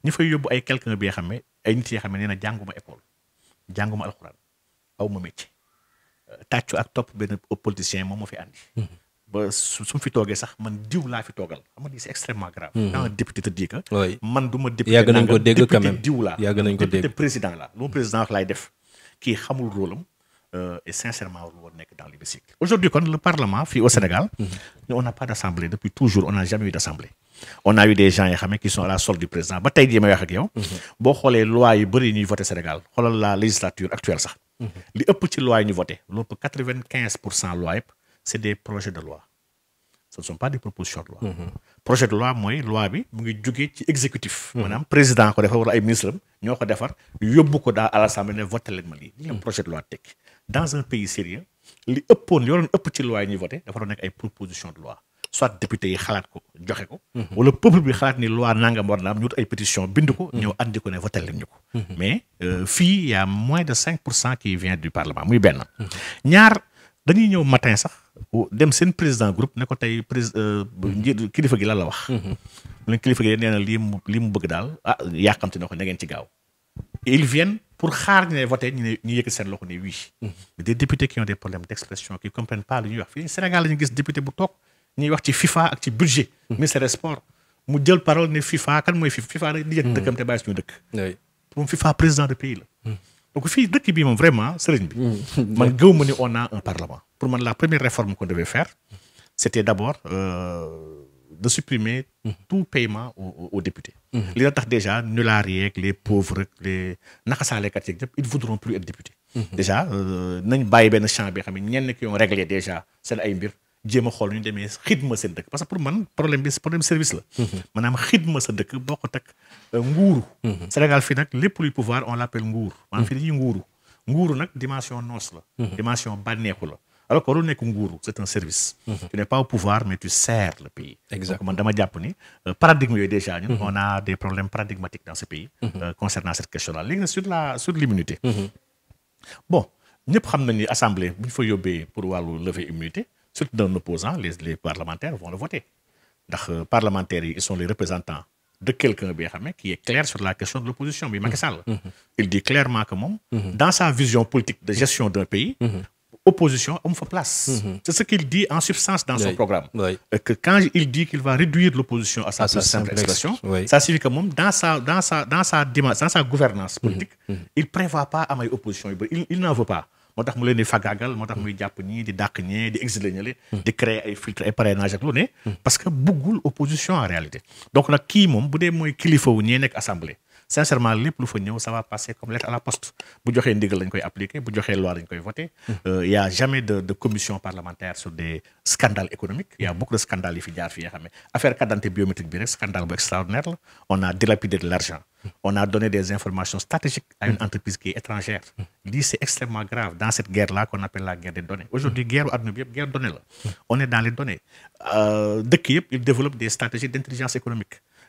[SPEAKER 2] ñu fay yóbbu ay quelqu'un bi nga xam ne ay nit yi nga xam ne nee na jànguma école jànguma alxuraan aw ma métier euh, tàccu ak topp benn politicien moom moo fi ba su fi toogee sax man diw laa fi toogal xam nga lii c'est extrêmement grave. Mhm. quand député te dit que. man du ma député. yàgg nañ ko dégg quand même diw laa yàgg nañ ko dégg député président laa lu ma président wax laay def kii xamul rôle am euh, et sincèrement parlement fii au Sénégal. ñu mhm. on n'a pas d'assemblée depuis toujours on n'a jamais eu d'assemblée. on a eu des gens yoo xam ne qui sont solde du président ba tey jii may wax ak yow. Mhm. boo xoolee loi yu sax. li ëpp ci pour cent loi c'est des projets de loi ce ne sont pas des propositions de loi. Mm -hmm. projet de loi mooy loi bi mu ngi jógee ci exécutif. Mm-hmm. maanaam président ko defar wala ay ministre am ñoo ko defar yóbbu ko daal à l'Assemblée ne voté leen ma lii. li mm-hmm. projet de loi teg dans un pays nekk ay proposition de loi soit député yi xalaat ko joxe ko. Mm-hmm. wala peuple bi xalaat ni loi nangam war na am ñu wut ay pétition bind ko. ñëw andi ko ne voté leen ñu ko. mais euh, fii euh, y moins de 5 pour cent qui vient dañuy ñëw matin sax dem seen président groupe ne ko tey président euh, mhm. njiit kilifa gi la la wax. Mhm. mu ne kilifa gi nee na lii mu lii mu bëgg daal ah yàkkamti na ko na ngeen ci gaaw. ils pour xaar ñu ne voté ñu ne ñu yëkk seen loxo ne oui. Mhm. des députés qui ont des problèmes d'expression qui comprennent pas lu ñuy wax fii Sénégal la ñu gis député bu toog ñuy wax ci FIFA ak ci budget. ministère des sports mu jël parole ne FIFA kan mooy FIFA FIFA rek di yëg dëkkam te bàyyi suñu dëkk. moom FIFA président de pays la. donc fii dëkk bi moom vraiment sëriñ bi. Mm. man gëw ma ni on a un parlement. pour man la première réforme ko devait faire c' était d' abord euh, de supprimer. Mm. tout paiement aux, aux députés. Mm. li la tax déjà nulaar yeeg les pauvres rek les naxasaalekat yeeg ñëpp ils voudront plus être députés. Mm-hmm. déjà euh, nañ bàyyi benn champ bi xam ne ñenn ki ont réglé déjà seen ay mbir. jéem a xool ñu demee xidma seen dëkk parce que pour man problème bi problème service la mhm. maanaam xidma sa dëkk boo ko teg nguuru mhm. Sénégal fii nag lépp luy pouvoir on l'appelle nguur maanaam fii mhm. dañuy nguuru nguuru nag dimension noos la dimension bànneexu la alors que lu nekk nguuru c'est un service tu n'es pas au pouvoir mais tu sers le pays exactement man dama jàpp ni euh, paradigme yooyu déjà ñun on a des problèmes dans ce pays euh, concernant cette surtout d'un opposant les parlementaires vont le voter ndax euh, parlementaires yi sont les représentants de quelqu'un bi nga qui est clair sur la question de l'opposition bi Macky mm-hmm. Mm-hmm. il dit clairement que moom mm-hmm. dans sa vision politique de gestion d'un pays opposition amu fa place c'est ce qu'il dit en substance dans son programme que quand il dit qu'il va réduire l'opposition à sa simple expression ça signifie que moom dans sa gouvernance moo tax mu leen di fagaagal moo tax muy jàpp ñii di dàq ñee di exiler ñële di créer ay filtre ay parrainage ak lu ne parce que buggul opposition en réalité donc nag kii moom bu dee mooy kilifa wu ñee nekk assemblée sincèrement lépp lu fa ñëw ça va passer comme lettre à la poste bu joxee ndigal lañ koy appliquer bu joxee loi lañ koy voter hmm. euh, y a jamais de de commission parlementaire sur des scandales économiques y a beaucoup de scandales yi fi jaar fi nga xam ne affaire bi rek scandale bu extraordinaire la on a dilapidé de l'argent hmm. on a donné des informations stratégiques à une hmm. entreprise qui est étrangère c'est extrêmement grave dans cette guerre u àdduna bi yëpp guerre donnée la on est dans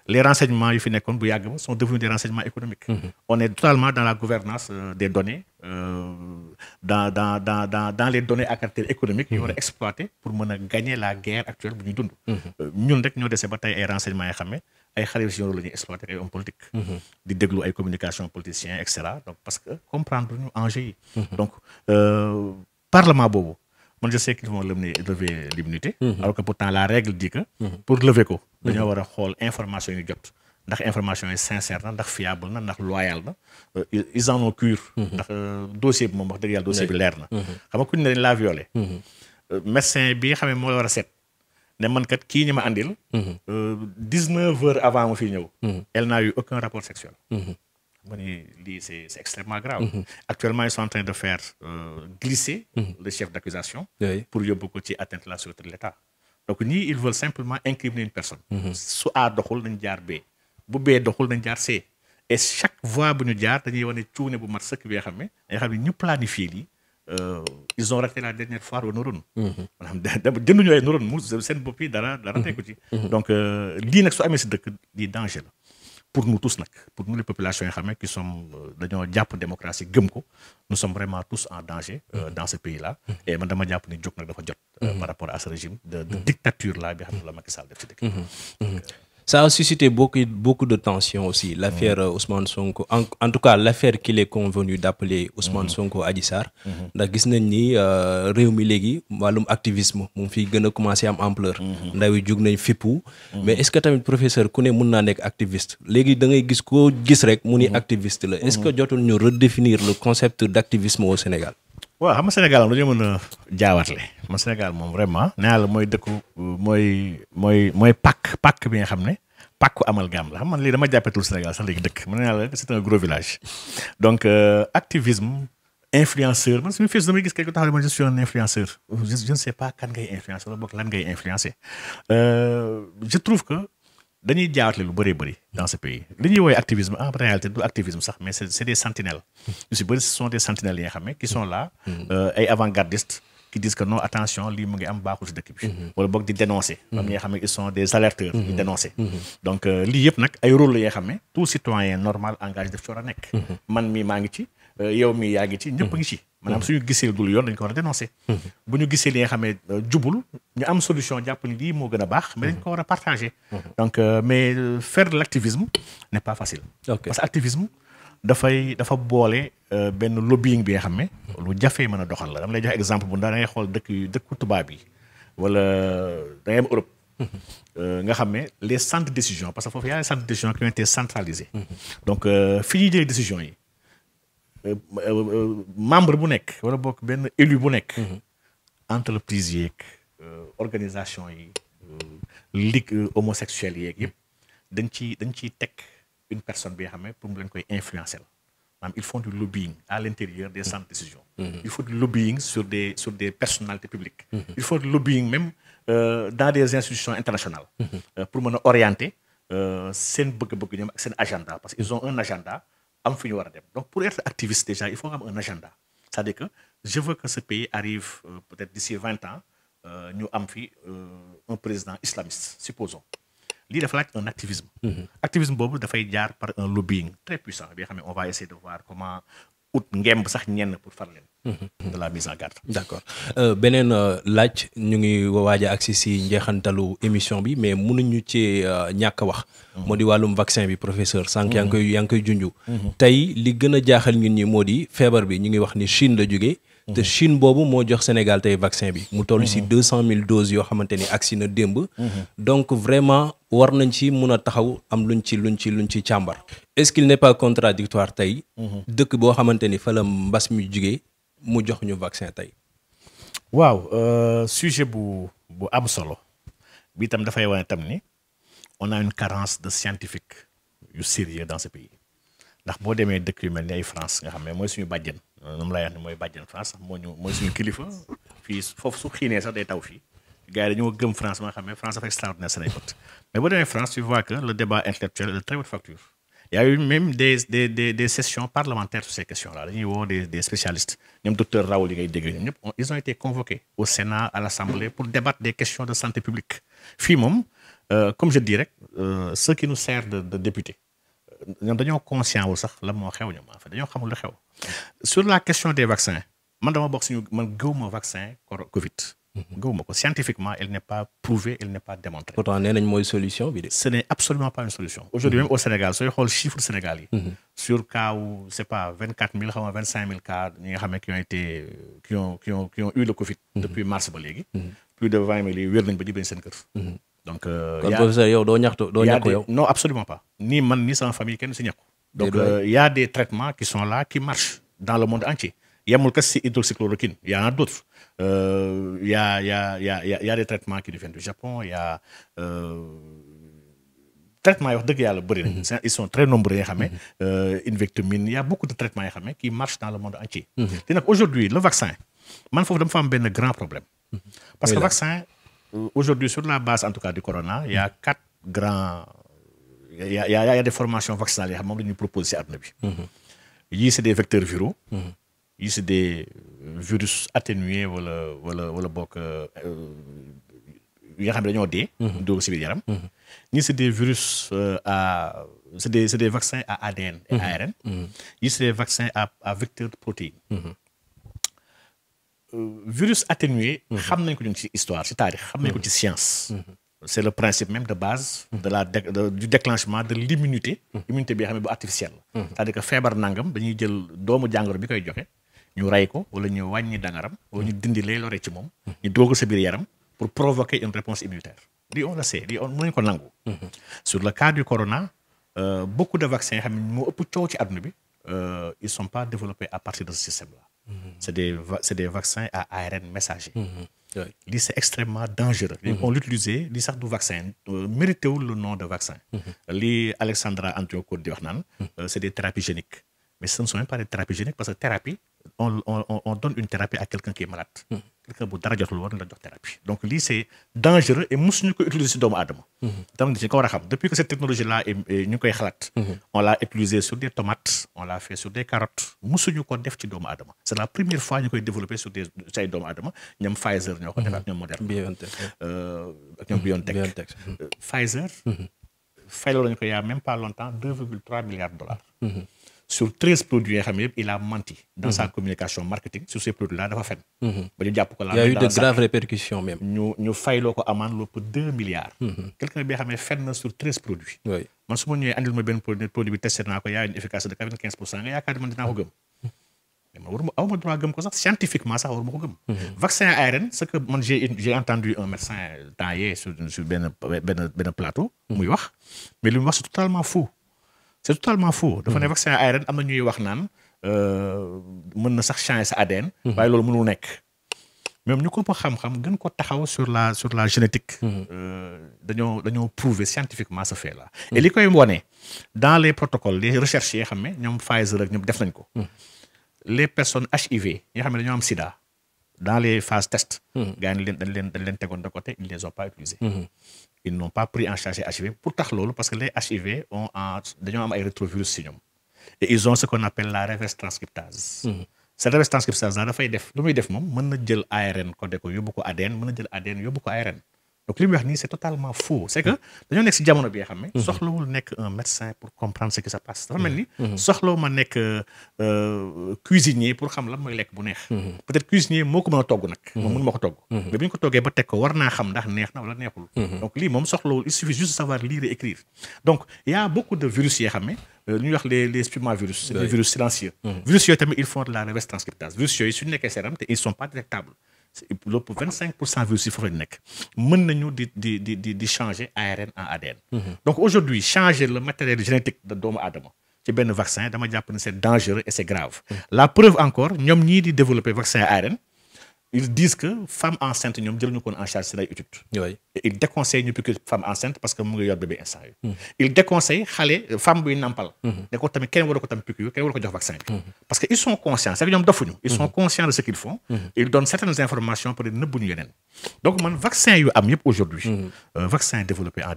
[SPEAKER 2] le renseignements yu fi nekkoon bu yàgg ba sont devenus des renseignements économiques. Mm -hmm. on est totalement dans la gouvernance euh, des données euh, dans dans données à caractère économique. ñu mhm. war a pour mën a gagner la guerre actuelle bu ñu dund. Mhm. Euh, ñun rek ñoo dese ba tey ay renseignements yi xamee ay xale si yoon la ñuy exploiter ay hommes politique. Mhm. di déglu ay communication politiciens et parce que comprendre ñu enjeu yi. donc euh, parlement boobu. man je sais qu'ils vont lever l'immunité mhm. alors que pourtant la règle dit que pour lever ko mhm. dañoo war a xool information yu jot ndax information yi sincère na ndax fiable na ndax loyal na euh, ils en ont cure mhm. ndax euh, dossier bi moom wax dëgg yàlla dossier bi leer na xam nga ku ñu ne dañ laa violé euh, médecin bi xamee moo war a set ne man kat kii ñi ma àndil dix neuf heures avant ma fi ñëw elle n'a eu aucun rapport sexuel lii c'est c'est extrêmement grave. Mm-hmm. actuellement ils sont train de faire euh, glisser. Mm-hmm. le chef d'accusation pour yóbbu ko ci atteinte à la sûreté de l'État donc ñii ils veulent simplement incriminer une personne. Mm-hmm. su A doxul nañ jaar B bu B doxul nañ jaar C. et chaque fois bu ñu jaar dañuy wane cuune bu mat sëkk bi nga xam ne dañuy ñu planifié lii. Euh, ils ont raté la dernière fois au neurones. maanaam jënduñu ay neurones mu seen bopp yi dara dara tegu ci. donc euh, lii nag su amee si dëkk lii la. pour nous tous nag pour nous les populations yi xam ne qui sommes euh, dañoo jàpp démocratie gëm ko nous sommes vraiment tous en danger euh, mm-hmm. dans ce pays là mm-hmm. et man dama jàpp ni jóg nag dafa jot euh, mm-hmm. par rapport à ce régime de dictature là bi xam ne la Macky Sall def ci
[SPEAKER 1] dëkk Ça a suscité beaucoup, beaucoup de tensions aussi, l'affaire mmh. Ousmane Sonko. En, en tout cas, l'affaire qu'il est convenu d'appeler Ousmane mmh. Sonko Adissar. Mm-hmm. ndax gis nañ ni euh, réew mi léegi wàllum activisme mu fi gën a commencé am ampleur. Mm-hmm. ndaw yi jug nañ fippu. Mm-hmm. mais est-ce que tamit professeur ku ne mun naa nekk activiste léegi da ngay gis koo gis rek mu ni activiste la. est-ce que jotul ñu redéfinir le concept d'activisme au Sénégal.
[SPEAKER 2] waaw xam nga Sénégal dañoo mën a jaawatle man Sénégal moom vraiment nee la mooy dëkku mooy mooy mooy pàkk pàkk bi nga xam ne pàkku amalgame la xam man lii dama jàppetul Sénégal sax léegi dëkk man nee la c'est un gros village donc euh, activisme influenceur man suñu fils damay gis kay ko taxaw man je suis un influenceur je ne sais pas kan ngay influencer wala boog lan ngay influencer euh, je trouve que dañuy jaawatle lu bëree bëri dans ce pays li ñuy woowee activisme en réalité du activisme sax mais c' est c' est des sentinelles ñu si bëri ce sont des sentinelles yi nga xam ne euh, ay avant-gardistes qui disent que attention lii mu ngi am baaxul si dëkk bi wala boog di dénoncer mhm. am ñi nga xam ne ils sont des alerteurs di mhm. dénoncer mhm. donc euh, lii yëpp nag ay rôle la yoo xam ne tout citoyen normal engagé daf ci nekk man mii maa ngi ci euh, yow mii yaa ngi ci ñëpp ngi ci maanaam mhm. suñu gisee dul yoon dañ ko war a dénoncer mhm. bu ñu gisee li nga xamee jubul ñu am solution jàpp ni lii moo gën a baax mais dañ mhm. ko war a partager donc euh, mais euh, faire de l' activisme n' est pas facile parce que activisme dafay dafa boole euh, benn lobbying bi nga xam ne lu jafee mën a doxal la dama lay jox exemple bu ndax da xool dëkk yu dëkku tubaab yi wala da ngay am Europe nga xam ne les centres décision parce que foofu y a les centres de décision qui ont été centralisés donc fi ñuy jëlee décision yi Euh, euh, euh, membre bu nekk wala bokk benn élu bu nekk. Mhm. entreprise yeeg organisation yi. ligue homosexuelle yeeg yëpp. dañ ci dañ ciy teg une personne bi nga xam ne pour mu leen koy influencer la maanaam ils font du lobbying à l'intérieur des centres de décision. Mhm. Mhm. il faut du lobbying sur des sur des personnalités publiques. il faut du lobbying même dans des institutions internationales. pour mën a orienter seen bëgg-bëgg ñoom ak seen agenda parce que ils ont un agenda. am fu ñu war a dem donc pour être activiste déjà il faut nga am un agenda c'est-à-dire que je veux que ce pays arrive euh, peut-être d'ici vingt ans euh, ñu am fi euh, un président islamiste supposons lii dafa laaj un activisme. Mm -hmm. activisme boobu dafay jaar par un lobbying très puissant bi nga on va essayer de voir comment ut ngemb sax ñenn pour far leen. Mhm. la mise en garde. d' accord
[SPEAKER 1] euh, beneen euh, laaj ñu ngi waaj a agsi si njeexantalu émission bi mais mënuñu ci euh, ñàkk wax. Mhm. moo di wàllum vaccin bi professeur. sànq yaa ngi mhm. koy junju. tey li gën a jaaxal ñun ñi moo di feebar bi ñu ngi wax ni Chine la jógee. te mhm. Chine boobu moo jox Sénégal tey vaccin bi mu toll si mhm. deux cent mille doses yoo xamante ni agsi na démb mhm. donc vraiment war nañ ci mun a taxaw am luñ ci luñ ci luñ ci càmbar est-ce qu'il n'est pas contradictoire tey dëkk boo xamante ni fa la mbas mi jugee mu jox ñu vaccin tey
[SPEAKER 2] waaw euh, sujet bu bu am solo bi tam dafay wane tam ni on a une carence de scientifique yu sérieux dans ce pays ndax boo demee dëkk yu mel ni ay France nga xam ne mooy suñu bàjjen Euh, nu mu lay wax ne mooy bàjjan France sax moo ñu kilifa fii foofu su xiinee sax day taw fii gars yi dañoo gëm France ma nga xam ne France dafa extraordinaire seen ay bët mais boo demee France tu vois que le débat intellectuel est de très haute facture y a eu même des des sessions parlementaires sur ces questions là dañuy woo des spécialistes ñoom docteur Raoul yi ngay dégg ñoom ñëpp ils ont été convoqués au Sénat à l'Assemblée pour débattre des questions de santé moom euh, comme je dis rek euh, ce de de député ñoom dañoo conscient wu sax la moo xew ñoom en fait dañoo xamul lu xew sur la question des vaccins man dama bokk suñu man gëwuma vaccin Covid. Mhm. gëwuma ko scientifiquement il n'est pas prouvé il n'est pas démontré. pourtant nee nañ mooy solution bi de. ce n'est absolument pas une solution. aujourd'hui même au Sénégal sooy xool chiffre Sénégal yi. Mhm. sur cas c'est pas vingt quatre mille xaw ma vingt cinq mille cas ñi nga xam ne qui été qui ont qui ont Covid. Mhm. depuis mars ba léegi. plus de donc euh, kon professeur yow
[SPEAKER 1] doo ñaxtu doo ñàkku yow
[SPEAKER 2] non absolument pas ni man ni sama famille kenn si ñàkku donc euh, y a des traitements qui sont là qui marchent dans le monde entier yemul kas si hydroxychloroquine y en a d'autres euh, y a y a y a y a des traitements qui viennent du Japon y a euh, traitement yi wax dëgg yàlla bëri na mhm. ils sont très nombreux yoo xam ne mhm. euh, invectomine y beaucoup de traitements yoo xam ne qui marchent dans le monde entier mhm. te nag aujourd'hui le vaccin man foofu dama fa am grand Euh, aujourd'hui sur la base en tout cas du corona il y a quatre grands il y a, il y a, il y a des formations vaccinales yoo xam moom la ñuy proposé si àdduna bi. Mhm. yii c'est des vecteurs viraux. Mhm. yii c'est des euh, virus atténués wala wala wala bokk euh, yi xam ne dañoo dee. Mhm. dóor si biir yaram. ñii c'est des virus à c'est des c'est à ADN et ARN. yii c'est des vaccins à à vecteur protéine. Euh, virus atténué. xam nañ ko ñu ci histoire ci taarix xam nañ ko ci science. c' le principe même de base. de la de, de, du déclenchement de l' immunité. bi nga xam ne bu artificielle la. c' est à que feebar nangam dañuy jël doomu jàngoro bi koy joxe ñu rey ko wala ñu wàññi dangaram wala ñu dindi lay lore ci moom. ñu doog sa biir yaram pour provoquer une réponse immunitaire lii on le sait lii on mënuñ ko nangu. sur le cas du corona euh, beaucoup de vaccins yoo xam ne moo ëpp bi euh, ils sont pas à partir de ce Mm-hmm. c'est des c'est des vaccins à ARN messager. Mm-hmm. lii c'est extrêmement dangereux. Mm-hmm. on l'utilisait li sax du vaccin euh, mérité wul le nom de vaccin. li Alexandra Antiocote di wax naan. Euh, c'est des thérapies géniques mais ce ne sont même des thérapies géniques parce que thérapie on on on donne une thérapie à quelqu'un qui est malade. quelqu'un bu dara jotul war na la jox thérapie donc lii c'est dangereux et mosuñu ko utiliser si doomu aadama tamit dañu ko war a xam depuis que cette technologie là ñu koy xalaat on l'a utilisé sur des tomates on l'a fait sur des carottes mosuñu ko def ci doomu aadama c'est la première fois ñu koy développer sur des si doomu aadama ñoom Pfizer ñoo ko def mhm. euh, ak ñoom Moderna ak ñoom BioNTech euh, Pfizer mhm. fayloo lañu ko yaa même pas longtemps deux de dollars mhm. sur treize produits yoo xam ne il a menti. dans mhm. sa communication mhm. ko la. y de milliards. Mhm. quelqu'un bi nga xam ne fen sur treize produits. man su ma ñëwee andil ma benn produit bi testé naa ko y a une dinaa ko gëm. mais man waruma awma droit gëm ko sax scientifiquement sax waruma ko gëm. vaccin ARN ce que man j'ai entendu un médecin temps yee sur benn benn plateau. muy wax mais li mu wax c'est totalement faux. c'est totalement faux dafa ne hmm. vaccin ARN am na ñuy wax naan euh, mën na sax change sa ADN. Hmm. waaye loolu mënul nekk. même ñu ko fa xam-xam gën ko taxaw sur la sur la génétique. Hmm. Euh, dañoo dañoo prouver scientifiquement ce fait là. li koy wone dans les protocoles les recherches yoo nga xam ne ñoom Pfizer ak ñoom def nañ ko. les personnes HIV yoo nga xam ne dañoo am sida. dans les phases test. Hmm. gars yi leen dañ leen tegoon de côté ils ne les pas utilisés. Hmm. ils n'ont pas pris en charge les pour tax loolu parce que les HIV ont dañoo am ay rétrovirus si ñoom ils ont ce qu'on appelle la reverse transcriptase. Hmm. cette reverse transcriptase dafay def lu muy def moom mën na jël ARN codé ko yóbbu ko ADN mën na jël ADN yóbbu ko ren donc li muy wax nii c'est totalement faux c'est que dañoo nekk si jamono bi nga xam ne. Mhm. soxlawul nekk un médecin pour comprendre ce qui se passe. dafa mel ni mhm. Mhm. soxlawu ma nekk euh, euh, cuisinier pour xam lan mooy lekk bu neex. peut-être a togg nag. moom neex na a beaucoup de virus yoo xam ne. Euh, lu ñuy wax les les yooyu tamit ils nekkee sérum te ils sont pas détectables. lépp 25 pour cent virus yi foofu la nekk mën nañu di di di di di changer ARN en ADN. Mhm. donc aujourd'hui changer le matériel génétique de doomu aadama ci benn vaccin dama jàpp ne c'est dangereux et c'est grave. Mhm. la preuve encore ñoom ñii di développer vaccin ARN. ils disent que femme enceinte ñoom jël ñu koon en charge seen études. oui ils déconseillent ñu piquer femme enceinte parce que mu ngi yor bébé instant yi. Mm-hmm. ils déconseillent xale femme buy nampal. Mm-hmm. ne ko tamit kenn waru ko tamit jox vaccin mm-hmm. parce que ils sont conscients c'est que ñoom dofuñu. ils sont conscients de ce qu'ils font. ils donnent certaines informations peut être nëbbuñu yeneen. donc man vaccin yu am yëpp aujourd'hui vaccin développé en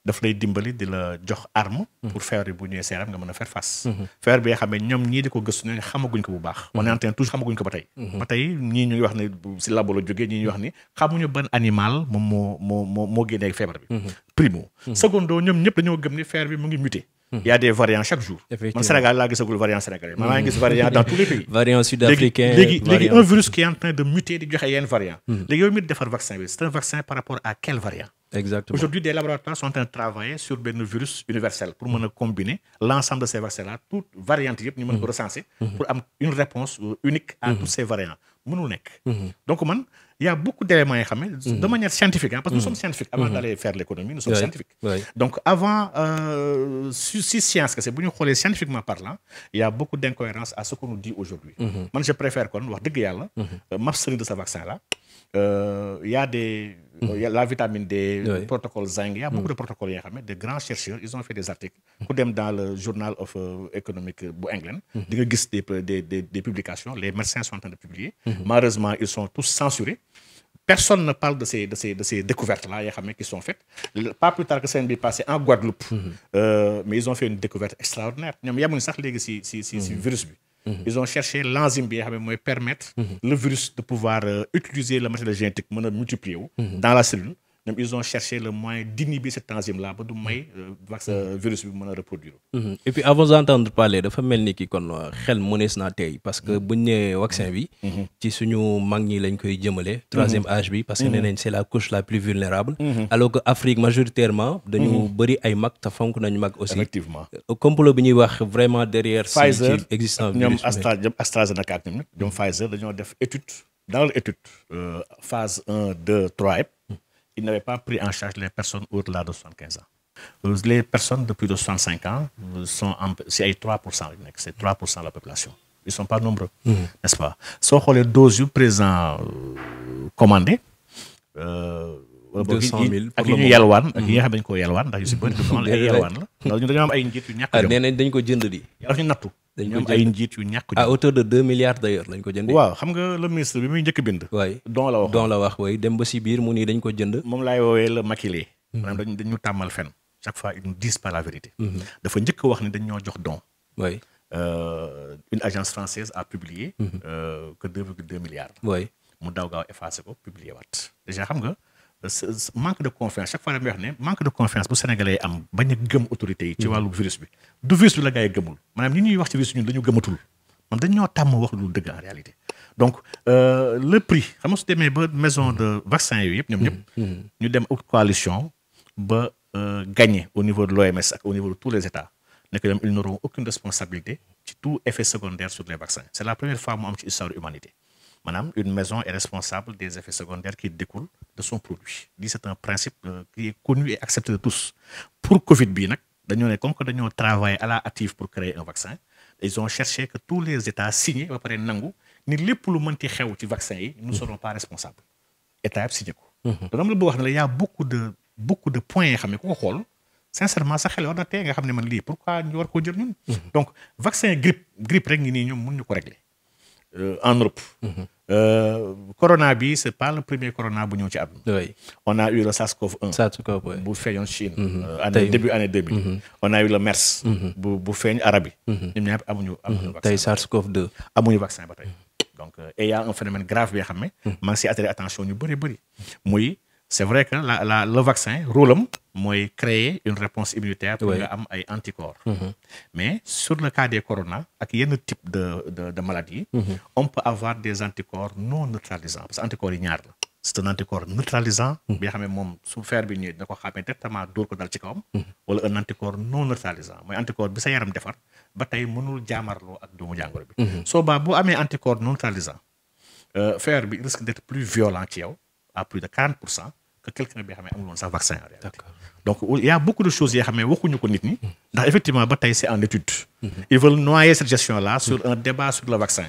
[SPEAKER 2] daf lay dimbali di la jox arme. Mhm. pour feebar bi bu ñëwee seeram nga mën a faire face. Mhm. feebar bi nga xam ne ñoom ñii di ko gëstu ñooñu xamaguñ ko bu baax. Mhm. on est en train toujours xamaguñ ko ba tey. ba ñii ñu ngi wax ne si labo la jógee ñu wax ni xamuñu ban moom moo moo moo moo génnee feebar bi. primo secondo mu ngi muté. il y a chaque jour. man Sénégal laa gisagul variant sénégalais maa ngi gis variant dans tous les pays. variant par rapport à quel variant Exactement. Aujourd'hui, des laboratoires sont en travailler sur benn virus universel pour mën a combiner l'ensemble de ces vaccins là toutes variantes yëpp ñu mën ko mmh. recenser. Mmh. pour am une réponse euh, unique à mmh. toutes ces variants mënul nekk. donc man y a beaucoup d'éléments yoo xam de manière scientifique parce que nous sommes scientifiques. avant d'aller faire l'économie nous sommes scientifiques. donc avant euh, si science que c'est bu nous dit aujourd'hui la vitamine D. Oui. protocole zinc y' beaucoup de protocoles yoo xam ne des grands ils ont fait des articles. ku dem dans le journal of économique euh, bu England. Mhm. di gis des publications les médecins sont en train de publier. Mhm. malheureusement ils sont tous censurés. personne ne parle de ces découvertes là yoo xam qui sont faites pas plus tard que semaine bi passée en Guadeloupe. Mhm. Euh, mais ils ont fait une découverte extraordinaire ñoom yemuñu sax léegi si si Mhm. ils ont cherché l'enzyme bi nga xam ne mooy permettre mhm. le virus de pouvoir euh, utiliser le matériel génétique mën a multiplier wu mhm. dans la cellule ñoom ils ont cherché le moyen d'inhiber cette enzyme là ba du may euh, vax
[SPEAKER 1] mm-hmm. virus bi mën a reproduire. Mm-hmm. et puis avant d'entendre parler dafa mel ni ki kon euh, xel mënees naa tey parce que mm-hmm. buñ nee vaccin bi. ci suñu mag ñi lañ koy jëmale. troisième âge bi parce que nee nañ c'est la couche la plus vulnérable. alors que Afrique majoritairement. dañu bëri ay mag te fonk nañu mag aussi. effectivement euh, complot bi ñuy wax vraiment derrière. Pfizer existant ñoom Astra ñoom AstraZeneca ak ñoom
[SPEAKER 2] Pfizer dañoo def
[SPEAKER 1] étude dans
[SPEAKER 2] l'étude phase un deux trois yëpp. il n'avait pas pris en charge les personnes au-delà de 75 ans. Euh, les personnes de de ans euh, sont c'est 3 c'est 3 la population. Ils sont pas nombreux, mhm. n'est-ce pas soo xoolee doses yu présent euh, commandé. deux cent mille ak yi ñu yalwaan ak yi nga mhm. xam dañu koo yalwaan ndax yu si bëri. ay yalwaan la ndax ñu am ay njiit ñàkk a ah, jom. dañ ko jënd di. yàlla ñu nattu.
[SPEAKER 1] dañ ko ay njiit yu ñàkk à de deux milliards d'ailleurs lañ ko jënd waaw xam nga le ministre bi muy njëkk bind. waay don la wax don la wax waay dem ba si biir mu ni dañ ko jënd. moom laay woowee la maquillé. Hmm. dañ
[SPEAKER 2] dañu tàmmal fen chaque fois ils mu disent par la vérité. Hmm. dafa njëkk wax ni dañoo ñoo jox don. waay euh, une agence française a publié. Hmm. Euh, que deux virgule deux milliards. waay mu daw gaaw effacé ko publier waat déjà xam nga. manque de confiance chaque fois damay wax ne manque de confiance bu sénégalais am bañ a gëm autorités yi. ci hmm. wàllu virus bi du virus bi la gars yi gëmul maanaam ñi ñuy wax ci virus ñun dañu gëmatul man dañoo tàmm wax lu dëgg en réalité donc euh, le prix xam nga su demee ba maison de vaccin yooyu yëpp ñoom ñëpp. Hmm. Hmm. ñu dem ak coalition ba euh, gagné au niveau de l'OMS ak au niveau de tous les états nekk ñoom ils n'auront aucune responsabilité ci tout effet secondaire sur les vaccins maanaam une maison est responsable des effets secondaires qui découlent de son produit lii c'est un principe euh, qui est connu et accepté de tous pour Covid bii nag dañoo ne comme que dañoo travailler à la hâtive pour créer un vaccin ils ont cherché que tous les états signés ba pare nangu ni lépp lu mënti xew ci vaccin yi nous serons pas responsables état yëpp signé ko mhm. dama la bëgg wax ne la beaucoup de points yoo xam ne ku ko xool sincèrement sa xel war na tee nga xam ne man lii pourquoi ñu mhm. nii ñoom mun ñu ko régler Euh, en Europe. Mhm. Euh, corona bi c' est pas le premier corona bu ñëw ci àdduna. on a eu le SARS-CoV-1. SARS-CoV bu feeñoon Chine. Mhm. Euh, année début année mhm. 2000. on a eu le MERS. bu bu feeñ Arabie. ñun ñëpp amuñu.
[SPEAKER 1] amuñu vaccin tey sars cov amuñu vaccin ba tey.
[SPEAKER 2] donc et y a un phénomène grave bi nga xam ne. maa ngi attention ñu bëri bëri. muy c' est vrai que la la le vaccin rôle mooy créer une réponse immunitaire pour nga am ay anticorps mhm. mais sur le cas des corona ak yenn type de de de maladie mhm. on peut avoir des anticorps non neutralisants parce que anticorps yi ñaar la c'est un anticorps neutralisant mhm. bi nga xam ne moom su feer bi ñëwee da ko xàmmee directement dóor ko dal ci kawam wala un anticorps non neutralisant mooy anticorps bi sa yaram defar ba tey mënul jaamarloo ak doomu jàngoro bi soo baa boo amee anticorps non neutralisant euh, feer bi risque d'être plus violent ci yow donc il y a beaucoup de choses yoo xam waxuñu ko nit ñi ndax effectivement ba tey c'est en étude ils veulent noyer cette gestion là sur un débat sur le vaccin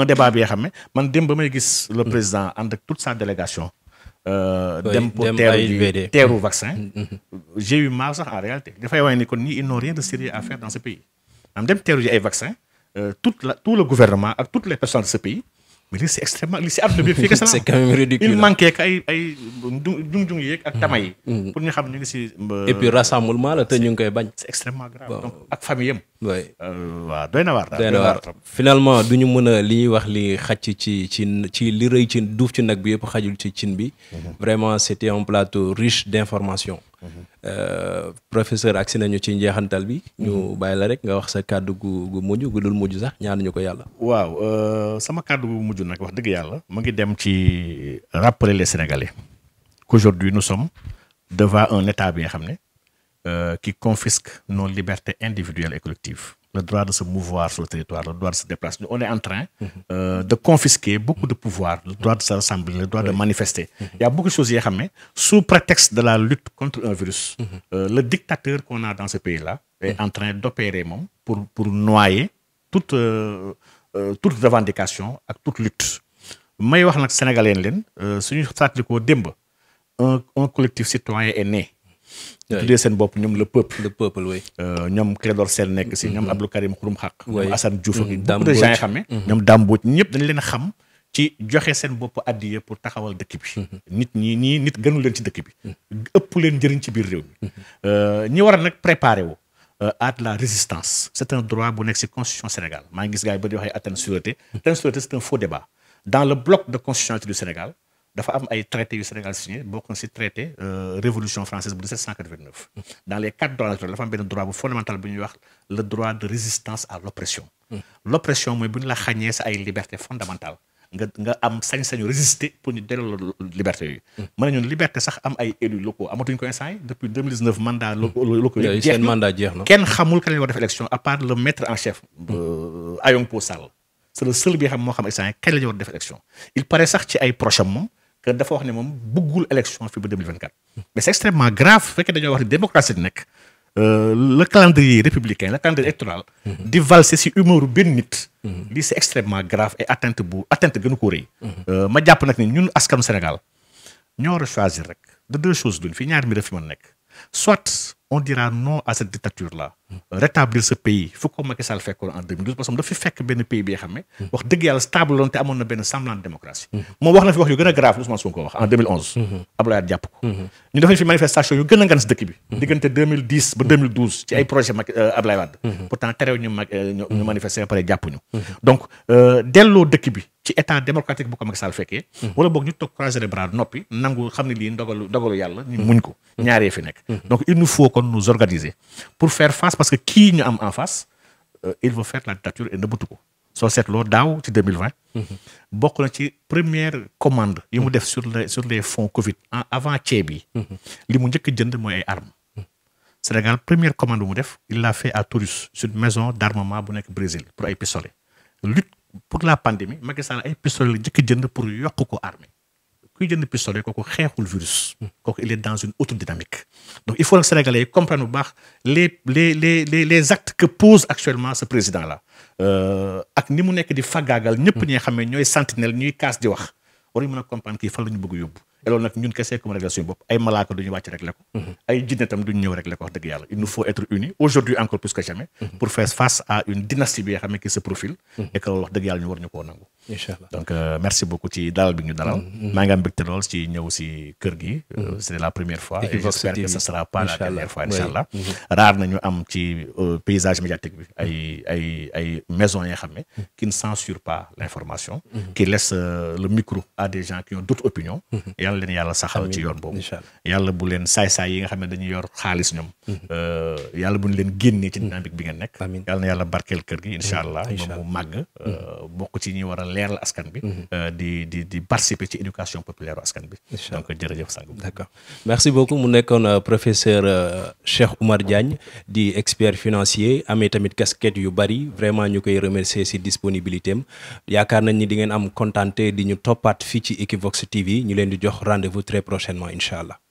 [SPEAKER 2] un débat bi nga xam ne man dem ba may gis le président ànd ak toute sa délégation euh, dem pour teeru teeru mm-hmm. vaccin mm-hmm. j'ai eu marre sax en réalité dafay wane ni kon ñii ils n'ont rien de sérieux à faire dans ce pays am dem teeru ji ay vaccin euh, tout le gouvernement ak toutes les personnes de ce pays mais li c'est extrêmement li si àdduna bi fii c'est quand même ridicule il manqué que ay ay jung-jung yeeg ak tama yi mm-hmm. pour ñu xam ñu ngi si
[SPEAKER 1] euh, et puis la te ñu ngi koy bañ c'est extrêmement ak famille am euh, waaw doy waar doy na finalement du ñu mën a li ñuy wax li xacc ci ci ci li rëy ci duuf ci nag bi yëpp xajul ci cin bi mm-hmm. vraiment c'était un plateau riche d'informations Euh, professeur agsi nañu ci njeexantal bi. ñu mhm. bàyyi la rek nga wax sa kàddu gu gu mujj gu dul mujj sax ñaanuñu ko yàlla.
[SPEAKER 2] waaw euh, sama kàddu gu mujj nag wax dëgg yàlla. mu ngi dem ci rappeler les Sénégalais. qu'aujourd'hui nous sommes devant un état bi nga xam ne. Euh, qui confisque nos libertés individuelles et collectives. le droit de se mouvoir sur le territoire, le droit de se déplacer. on est en train euh, de confisquer beaucoup de pouvoirs, le droit de se rassembler, le droit oui. de manifester. Mhm. Il y a beaucoup de choses, sous prétexte de la lutte contre un virus, mhm. euh, le dictateur qu'on a dans ce pays-là est mhm. en train d'opérer pour, pour noyer toute, euh, euh toute revendication et toute lutte. Je suis Sénégalais, euh, un collectif citoyen est né. tuddee seen bopp ñoom le peuple. le peuple oui. Euh, ñoom Clédor Sène nekk si ñoom mm-hmm. Abdou Karim Xurum Xaq. ñoom Assane Diouf ak mm-hmm. beaucoup de gens yi xamee. Mm-hmm. ñoom Dambot ñëpp dañ leen a xam. ci joxe seen bopp addiye pour taxawal dëkk bi. nit ñi ñii nit gënu leen ci dëkk bi. ëpp leen njëriñ ci biir réew mi. Euh, ñi wara nag préparer wu. Euh, la résistance. c' est bu nekk si constitution Sénégal maa ngi gis gars yi ba di wax ay atteinte sûreté. atteinte sûreté c' dans le bloc de constitutionnalité du Sénégal. dafa am ay traités yu Sénégal signé bokk na si traité euh, révolution française bu 1789 dans les quatre droits naturels dafa am benn droit bu fondamental bu ñuy wax le droit de résistance à l'oppression hmm. l'oppression mooy bu ñu la xañee sa ay liberté fondamentale nga nga am sañ-sañu résister pour ñu delloo liberté yooyu mën hmm. na ñun liberté sax am ay élus locaux amatuñ ko instant yi depuis 2019 mandat hmm. locaux yi seen mandat jeex na kenn xamul kan la war def élection à part euh, xam moo xam instant yi kañ ay prochain moom que dafa wax ne moom bëggul élection fii ba 2024. mais c' est extrêmement grave bu fekkee dañoo wax ne démocratie di nekk euh, le calendrier républicain le calendrier électoral. Mhm. di valser si humeur benn nit. Mhm. lii c' extrêmement grave et atteinte bu atteinte gënu ko rëy. Euh, ma jàpp nag ni ñun askanu Sénégal ñoo war a choisir rek de deux duñ fi ñaar mi dafa fi mën nekk. soit on dira non à cette dictature-là rétablir ce pays fu ko Macky fekkoon en 2012 parce dafa fi fekk benn pays bi nga mhm. wax dëgg yàlla stable loon te amoon na benn semblant de mhm. moom wax na fi wax yu gën a grave Ousmane Sonko wax en 2011 mhm. Abdoulaye Wade jàpp
[SPEAKER 3] ko ñu
[SPEAKER 2] defañ fi manifestation yu gën a ngan si dëkk bi diggante ba ci ay projet Macky euh, Abdoulaye Wade pourtant terew ñu mag euh, ñu pare jàpp ñu donc euh, delloo dëkk bi ci état démocratique bu ko Macky Sall fekkee mhm. wala boog ñu toog croiser les bras noppi nangu xam ne lii ndogalu ndogalu yàlla ñu muñ ko mhm. ñaaree fi nekk mhm. donc il nous faut kon pour faire face parce que kii ñu am en face euh, il veut faire la dictature et ko soo seetloo daaw ci 2020 bokk na ci première commande yi mu def sur les sur les fonds Covid en avant ceeb yi li mu njëkk jënd mooy ay armes Sénégal première commande bu mu def il l'a fait à Taurus sur maison d'armement bu nekk Brésil pour pour la pandémie Macky Sall ay pistolet la njëkk jënd pour yokk ko armée kuy jënd pistolet ko xeexul virus. Hmm. kooku il est dans une autre dynamique. donc il faut nag sénégalais yi comprendre bu baax les les les les les actes que pose actuellement ce président là. Euh, ak ni mu nekk di faggaagal. ñëpp ñi nga xam ne ñooy sentinelle ñuy kaas di wax. war ñu mën a comprendre kii fan la ñu bëgg yóbbu. loolu nag ñun kese ko mën bopp ay malaaka du wàcc régler ko mhm. ay jinne tam du ñëw régler ko wax dëgg yàlla il nous faut être unis aujourd'hui encore plus que jamais mhm. pour faire face à une dynastie bi nga xam ne qui se profile mhm. et wax dëgg yàlla ñu war ñu koo nangu incha allah donc euh, merci beaucoup ci dalal bi ñu dalal maa ngi am lool ci ñëw si kër gi euh, c'est la première fois et j'espère que ce sera pas la dernière fois incha allah euh, xam ne qui ne censure pas l'information qui le micro à des gens qui ont d'autres yàlla leen yàlla saxal ci yoon boobu yàlla bu leen saay-saay yi nga xam ne dañuy yor xaalis ñoom mhm. euh, yàlla bu ñu leen génnee ci mhm. dynamique bi ngeen nekk yàlla na yàlla barkeel kër gi incha mhm. allah ba mu màgg euh, bokk ci ñi war a leeral askan bi euh, di di di participer ci éducation populaire askan bi donc jërëjëf a d'accord
[SPEAKER 1] merci beaucoup mu nekkoon professeur yaakaar nañ di ngeen am contenté di ñu toppaat fii ci Equivox TV ñu leen di jox jox rendez-vous très prochainement incha allah.